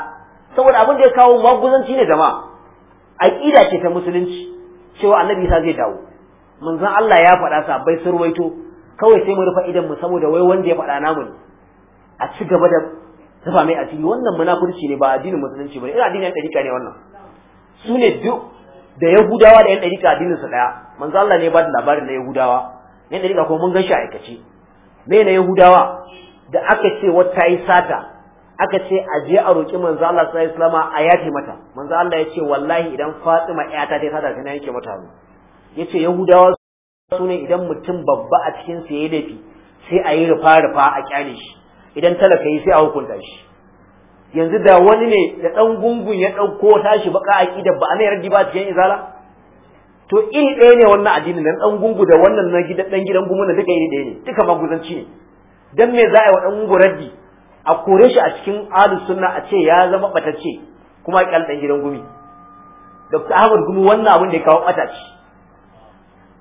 S1: saboda abin da ya kawo maguzanci ne zama. aqida ce ta musulunci cewa annabi isa zai dawo manzon Allah ya faɗa sa bai surwaito kawai sai mu rufa idan mu saboda wai wanda ya faɗa namu ne a ci gaba da rufa mai asiri wannan munafurci ne ba addinin musulunci ba ina addinin ɗariƙa ne wannan su ne duk da yahudawa da yan ɗariƙa addinin su ɗaya manzon Allah ne ya ba da labarin na yahudawa yan ɗariƙa kuma mun gan shi a aikace me na yahudawa da aka ce wata yi sata aka ce a je a roƙi manzo Allah sallallahu alaihi wasallam a yafe mata manzo Allah ya ce wallahi idan Fatima ƴata ta sata tana yanke mata hannu yace Yahudawa su ne idan mutum babba a cikin sa yayi dafi sai a yi rufa rufa a kyale shi idan talaka yi sai a hukunta shi yanzu da wani ne da dan gungun ya dauko tashi baka aqida ba ana yardi ba cikin izala to iri ɗaya ne wannan addini nan dan gungu da wannan na gidan dan gidan gumuna duka iri ɗaya ne duka maguzanci ne dan me za a yi wa dan gurabbi a kore shi a cikin alu sunna a ce ya zama batacce kuma ya dan gidan gumi Dr. Ahmad Gumi wannan abin da ya kawo bata ce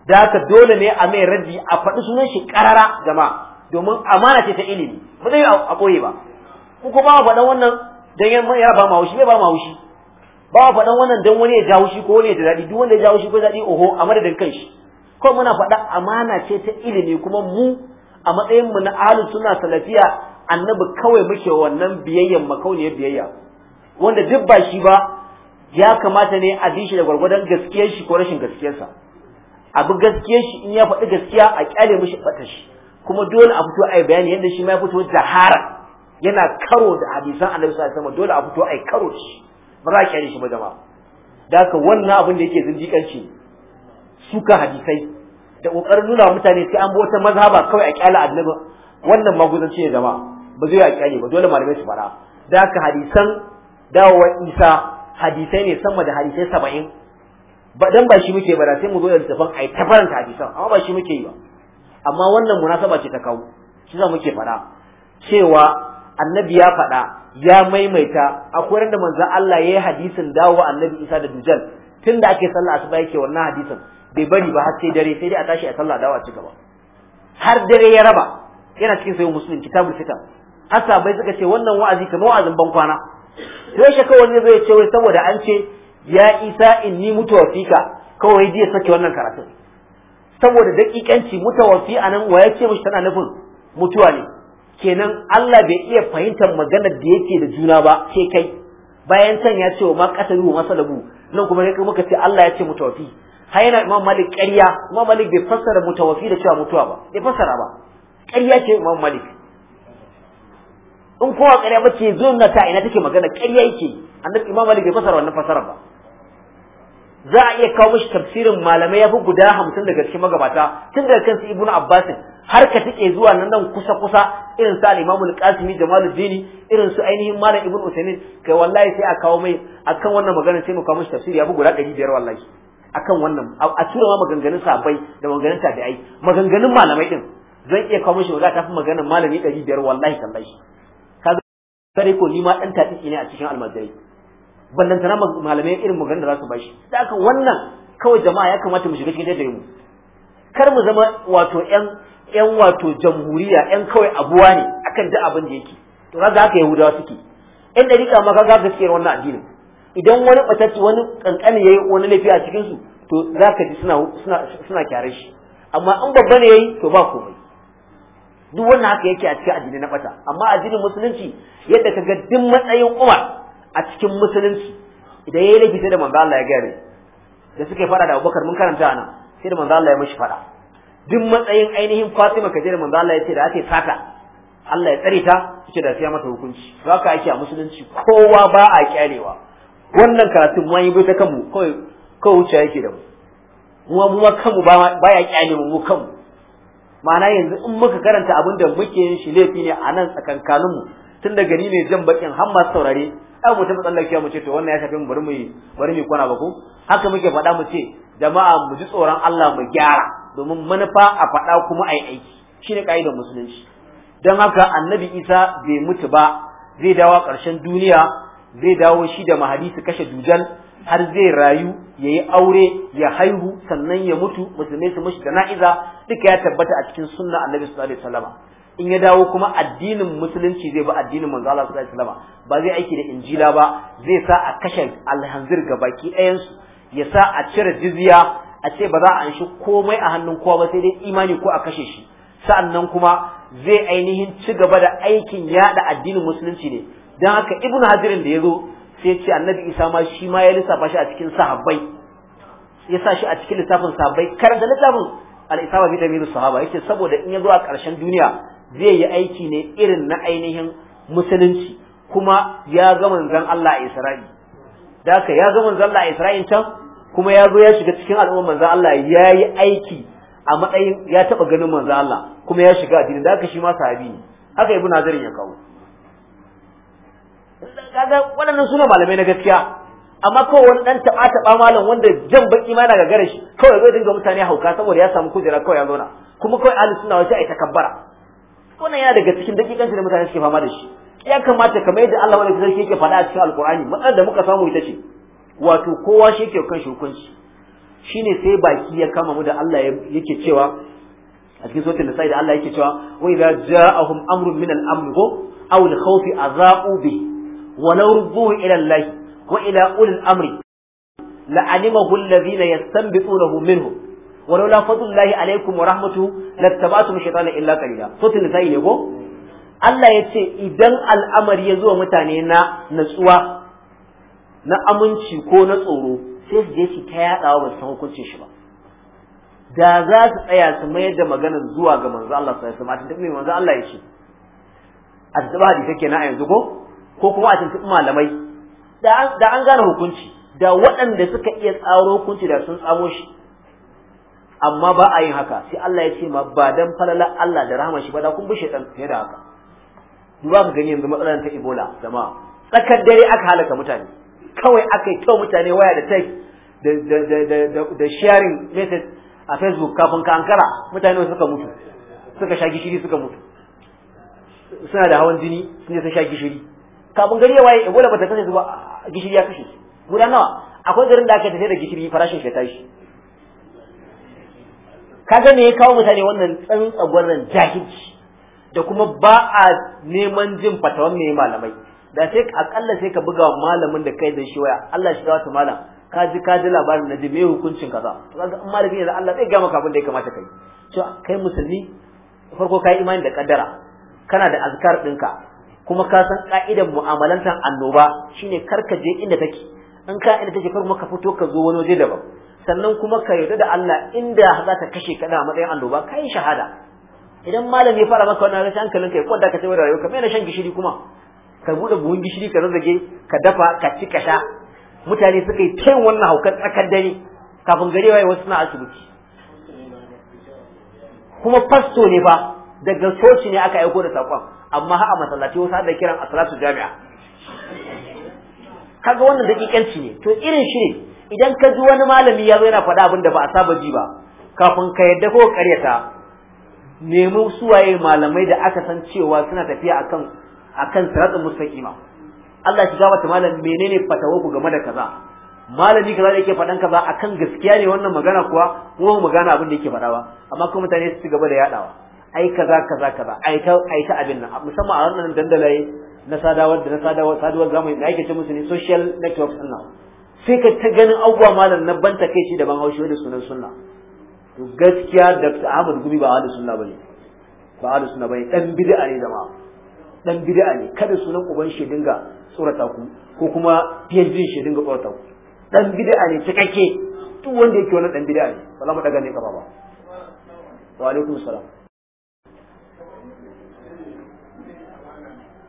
S1: da haka dole ne a mai raddi a faɗi sunan shi karara jama'a domin amana ce ta ilimi ba zai a koye ba ko kuma ba faɗan wannan dan ya ba ma haushi bai ba ma haushi ba wa faɗan wannan don wani ya ja shi ko wani ya daɗi duk wanda ya ja shi ko daɗi oho a madadin kan shi ko muna faɗa amana ce ta ilimi kuma mu a matsayin mu na ahlus sunna salafiya annabi kawai muke wannan biyayyan makauniyar biyayya wanda duk ba shi ba ya kamata ne a dishi da gwargwadon gaskiyar shi ko rashin gaskiyarsa abu gaskiyar shi in ya faɗi gaskiya a kyale mishi ɓata shi kuma dole a fito a yi bayani yadda shi ma ya fito jahara yana karo da hadisan annabi sallallahu alaihi wasallam dole a fito a yi karo da shi ba za a kyale shi ba jama'a da haka wannan abin da yake zindiƙanci suka hadisai da kokarin nuna mutane sai an bi wata mazhaba kawai a kyala annabi wannan maguzanci ne gaba ba zai a kyale ba dole malamai su fara da haka hadisan dawowa isa hadisai ne sama da hadisai saba'in ba dan ba shi muke ba sai mu zo da littafin ai ta faranta hadisan amma ba shi muke yi ba amma wannan munasaba ce ta kawo shi za muke fara cewa annabi ya faɗa ya maimaita akwai da manzo Allah ya yi hadisin dawowa annabi isa da dujal tunda ake sallah asuba yake wannan hadisin bai bari ba har sai dare sai dai a tashi a sallah dawa ci gaba har dare ya raba yana cikin sayo musulun kitabul fitan hasa bai suka ce wannan wa'azi kamar wa'azin ban kwana sai shi kawai ne zai ce wai saboda an ce ya isa inni mutawaffika kawai dai sake wannan karatun saboda dakikanci a anan wa ya ce tana nufin mutuwa ne kenan Allah bai iya fahimtar maganar da yake da juna ba sai kai bayan can ya ce wa ma qatalu wa masalabu nan kuma kai muka ce Allah ya ce mutawaffi Ha yana imam malik ƙarya imam malik bai fassara mutawafi da cewa mutuwa ba bai fassara ba ƙarya ce imam malik in kowa ƙarya ba ce zo na ta ina take magana ƙarya yake annabi imam malik bai fassara wannan fassara ba za a iya kawo mishi tafsirin malamai ya fi guda hamsin daga cikin magabata tun daga kansu ibnu abbas har ka take zuwa nan nan kusa kusa irin su al-imamul qasimi jamaluddin irin su ainihin malam ibnu usaimin kai wallahi sai a kawo mai akan wannan magana sai mu kawo mishi tafsiri ya fi guda 500 wallahi akan wannan a tura ma maganganun sabai da maganganun tabi'ai maganganun malamai din zan iya kawo mishi wala fi maganganun malami 500 wallahi tallahi kaga sai ko ni ma dan tabi'i ne a cikin almajirai tana malamai irin maganganun da za su bashi da haka wannan kawai jama'a ya kamata mu shiga cikin da mu kar mu zama wato yan wato jamhuriya yan kawai abuwa ne akan duk abin da yake to kaga haka yahudawa suke in dariƙa ma kaga gaskiyar wannan addinin idan wani batacci wani kankani yayi wani laifi a cikin su to zaka ji suna suna kyare shi amma in babba ne yayi to ba komai duk wannan haka yake a cikin addini na bata amma addinin musulunci yadda ka ga duk matsayin Umar a cikin musulunci idan yayi laifi sai da manzo Allah ya gare da suka fara da Abubakar mun karanta ana sai da manzo Allah ya mishi fara duk matsayin ainihin Fatima kaje da manzo Allah ya ce da ake sata Allah ya tsare ta ce da sai mata hukunci haka yake a musulunci kowa ba a kyarewa wannan karatun ma yi bai ta kanmu kawai kawai wuce yake da mu mu mu ma kanmu ba ya kyale mu kanmu ma'ana yanzu in muka karanta abin da muke yin shi laifi ne a nan tsakankanin mu tun da gari mai jan bakin har masu saurare ai mu ta tsallakiya mu ce to wannan ya shafi mu bari mu bari mu kwana ba ko haka muke faɗa mu ce jama'a mu ji tsoron Allah mu gyara domin manufa a faɗa kuma yi aiki Shi shine kaidar musulunci Don haka annabi Isa bai mutu ba zai dawo ƙarshen duniya zai dawo shi da mahadisu kashe dujal har zai rayu ya yi aure ya haihu sannan ya mutu musulmai su mushi jana'iza duka ya tabbata a cikin sunna annabi sallallahu alaihi wasallam in ya dawo kuma addinin musulunci zai ba addinin manzo Allah sallallahu alaihi wasallam ba zai aiki da injila ba zai sa a kashe alhanzir gabaki ɗayan su ya sa a cire jizya a ce ba za a anshi komai a hannun kowa ba sai dai imani ko a kashe shi sa'annan kuma zai ainihin ci gaba da aikin yada addinin musulunci ne dan haka ibn hajirin da yazo sai ya ce annabi isa ma shi ma ya lissafa shi a cikin sahabbai ya sa shi a cikin lissafin sahabbai da littafin al-isaba bi tamiru sahaba yake saboda in yazo a karshen duniya zai yi aiki ne irin na ainihin musulunci kuma ya ga manzon Allah a Isra'i da haka ya ga manzon Allah a Isra'i can kuma ya zo ya shiga cikin al'ummar manzon Allah ya yi aiki a matsayin ya taba ganin manzon Allah kuma ya shiga addini da haka shi ma sahabi ne haka ibnu hajar ya kawo kaga waɗannan suna malamai na gaskiya amma kawai wani dan taba taba malam wanda jan baki ma na gagara shi kawai zai dinga mutane hauka saboda ya samu kujera kawai ya zauna kuma kawai ahli sunna wace ai takabbara wannan yana daga cikin dakikanci da mutane suke fama da shi ya kamata kamar yadda Allah wani sarki yake faɗa a cikin alkur'ani matsalar da muka samu ita ce wato kowa shi yake kan shukunci shine sai baki ya kama mu da Allah yake cewa a cikin da nisa da Allah yake cewa wa idza ja'ahum amrun min al-amri aw al-khawfi adha'u bihi walau rubuhu ila Allah wa ila ulil amri la'alimahu alladhina yastanbitunahu minhum walau la fadlullahi alaikum wa rahmatu, rahmatuhu lattaba'tum shaytana illa qalila sotin sai ne go Allah ya ce idan al'amari ya zo mutane na natsuwa na aminci ko na tsoro sai su je su ta yaɗawa ba su san hukuncin shi ba da za su tsaya su mayar da maganar zuwa ga manzo Allah sallallahu alaihi wasallam a tabbata manzo Allah ya ce a tabbata hadisi na a yanzu ko ko kuma a tuntuɓi malamai da an gane hukunci da waɗanda suka iya tsaro hukunci da sun tsamo shi amma ba a yin haka sai Allah ya ce ma ba dan falala Allah da rahama shi ba da kun bi shaitan fiye da haka duba ka gani yanzu matsalar ta Ebola jama'a tsakar dare aka halaka mutane kawai aka yi kyau mutane waya da text da da da da sharing message a Facebook kafin ka ankara mutane suka mutu suka sha gishiri suka mutu suna da hawan jini sun je sha gishiri kafin gari ya waye gole bata kasance ba gishiri ya kashe guda nawa akwai garin da aka tafiya da gishiri farashin shi ya tashi kaga me ya kawo mutane wannan tsantsagwaran jahilci da kuma ba a neman jin fatawan mai malamai da sai akalla sai ka buga malamin da kai zai shi waya Allah shi zawata malam ka ji ka ji labarin na ji me hukuncin kaza to kaga in malami ne Allah zai gama kafin da ya kamata kai to kai musulmi farko kai imani da kaddara kana da azkar ɗinka kuma ka san ka'idan mu'amalantar annoba shine karka je inda take in ka inda take kar ka fito ka zo wani waje daban sannan kuma ka yarda da Allah inda za ta kashe ka da matsayin annoba kai shahada idan malam ya fara maka wannan rashin hankalin ya kwanda ka tsaye rayuwa ka mai shan gishiri kuma ka bude buhun gishiri ka zazzage ka dafa ka ci ka sha mutane suka yi tayin wannan haukan tsakar dare kafin gari waye wasu na asibiti kuma fasto ne fa daga coci ne aka aiko da sakon amma ha a masallaci wasu da kiran salatu jami'a kaga wannan dakikanci ne to irin shi ne idan ka ji wani malami ya zo yana faɗa abin da ba a saba ji ba kafin ka yadda ko ƙaryata nemi suwaye malamai da aka san cewa suna tafiya akan akan siratul mustaqima Allah shiga wata malami menene fatawa ku game da kaza malami kaza da yake faɗan kaza akan gaskiya ne wannan magana kuwa mu magana abin da yake faɗa ba amma kuma mutane su ci gaba da yadawa ai kaza kaza kaza ai ta ai ta abin nan musamman a wannan dandalaye na sadawar da na sadawar saduwar zamani da ake ce musu ne social networks din nan sai ka ta ganin abubuwa malam na ban kai shi da ban haushi da sunan sunna to gaskiya Dr. Ahmad Gumi ba da sunna bane ba da sunna bane dan bid'a ne jama'a dan bid'a ne kada sunan uban shi dinga tsorata ku ko kuma PhD shi dinga tsorata ku dan bid'a ne cikakke duk wanda yake wannan dan bid'a ne ba za mu daga ne ka ba wa alaikum salam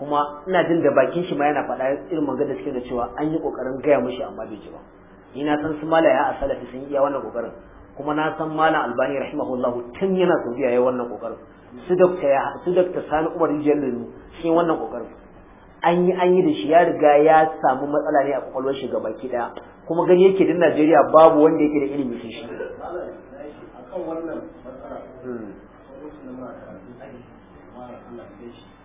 S1: kuma ina jin da bakin shi ma yana faɗa irin magana suke da cewa an yi kokarin gaya mishi amma bai ji ba ni na san su malaya a salafi sun iya wannan kokarin kuma na san malam albani rahimahullah tun yana saudiya ya wannan kokarin su dokta ya su dokta sani umar jallinu shi wannan kokarin an yi an yi da shi ya riga ya samu matsala ne a kwakwalwar shi gaba ki daya kuma gani yake din Najeriya babu wanda yake da ilimi shi shi wannan matsala hmm.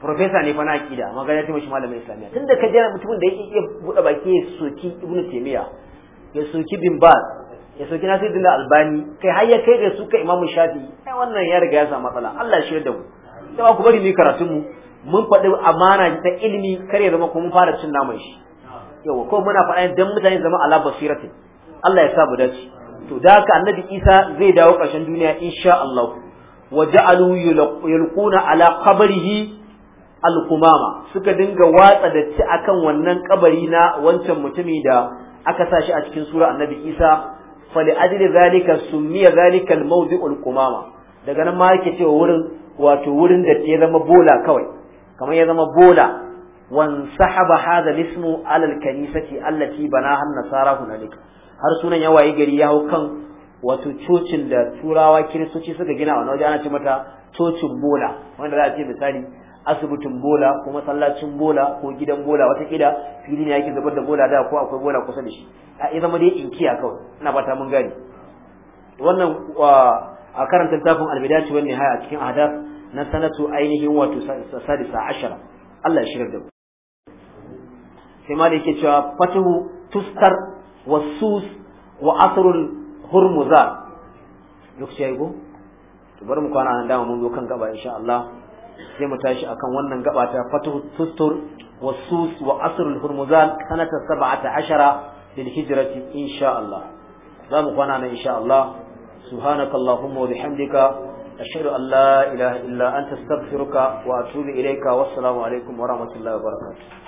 S1: Profesa ne fa na akida amma ga ya taimaki malamin islamiyya tunda ka jira mutumin da yake iya buɗe baki ya soki ibnu taymiya ya soki bin baz ya soki nasiruddin albani kai har ya kai da su ka imamu shafi ai wannan ya riga ya samu matsala Allah shi da mu sai ku bari mu karatun mu mun faɗi amana ta ilimi kar ya zama kuma fara cin naman shi Yau, ko muna faɗa dan mutane zama ala basiratin Allah ya sa mu dace to da haka annabi Isa zai dawo ƙarshen duniya insha Allah wa ja'alu yulquna ala qabrihi al-kumama suka dinga watsa datti akan wannan kabari na wancan mutumi da aka sa shi a cikin sura annabi Isa fali ajli zalika summiya zalika al-mawdi'u al-kumama daga nan ma yake cewa wurin wato wurin da ya zama bola kawai kamar ya zama bola wan sahaba hadha al-ismu ala al-kanisati allati banaha an-nasara hunalika har sunan ya wayi gari ya hau kan wato cocin da turawa kiristoci suka gina a wani waje ana ce mata cocin bola wanda za a ce misali asibitin bola ko masallacin bola ko gidan bola wata kila fili ne yake zubar da bola da ko akwai bola kusa da shi a ya zama dai inkiya kawai ina fata mun gani. wannan a karanta littafin albidaci wani haya a cikin ahdaf na sanatu ainihin wato sadisa ashara Allah ya shirar da ku. sai ma da yake cewa fatihu tuskar wasus wa asrul hurmuza lokaci yayi go to bari mu kwana nan dama mun zo kan gaba insha Allah sai mu tashi akan wannan gabata ta fatuhu sustur wa asrul hurmuzan sanata 17 lil hijrati insha Allah za mu kwana nan insha Allah subhanakallahumma wa bihamdika أشهد أن لا إله إلا أنت استغفرك وأتوب إليك والسلام عليكم ورحمة الله وبركاته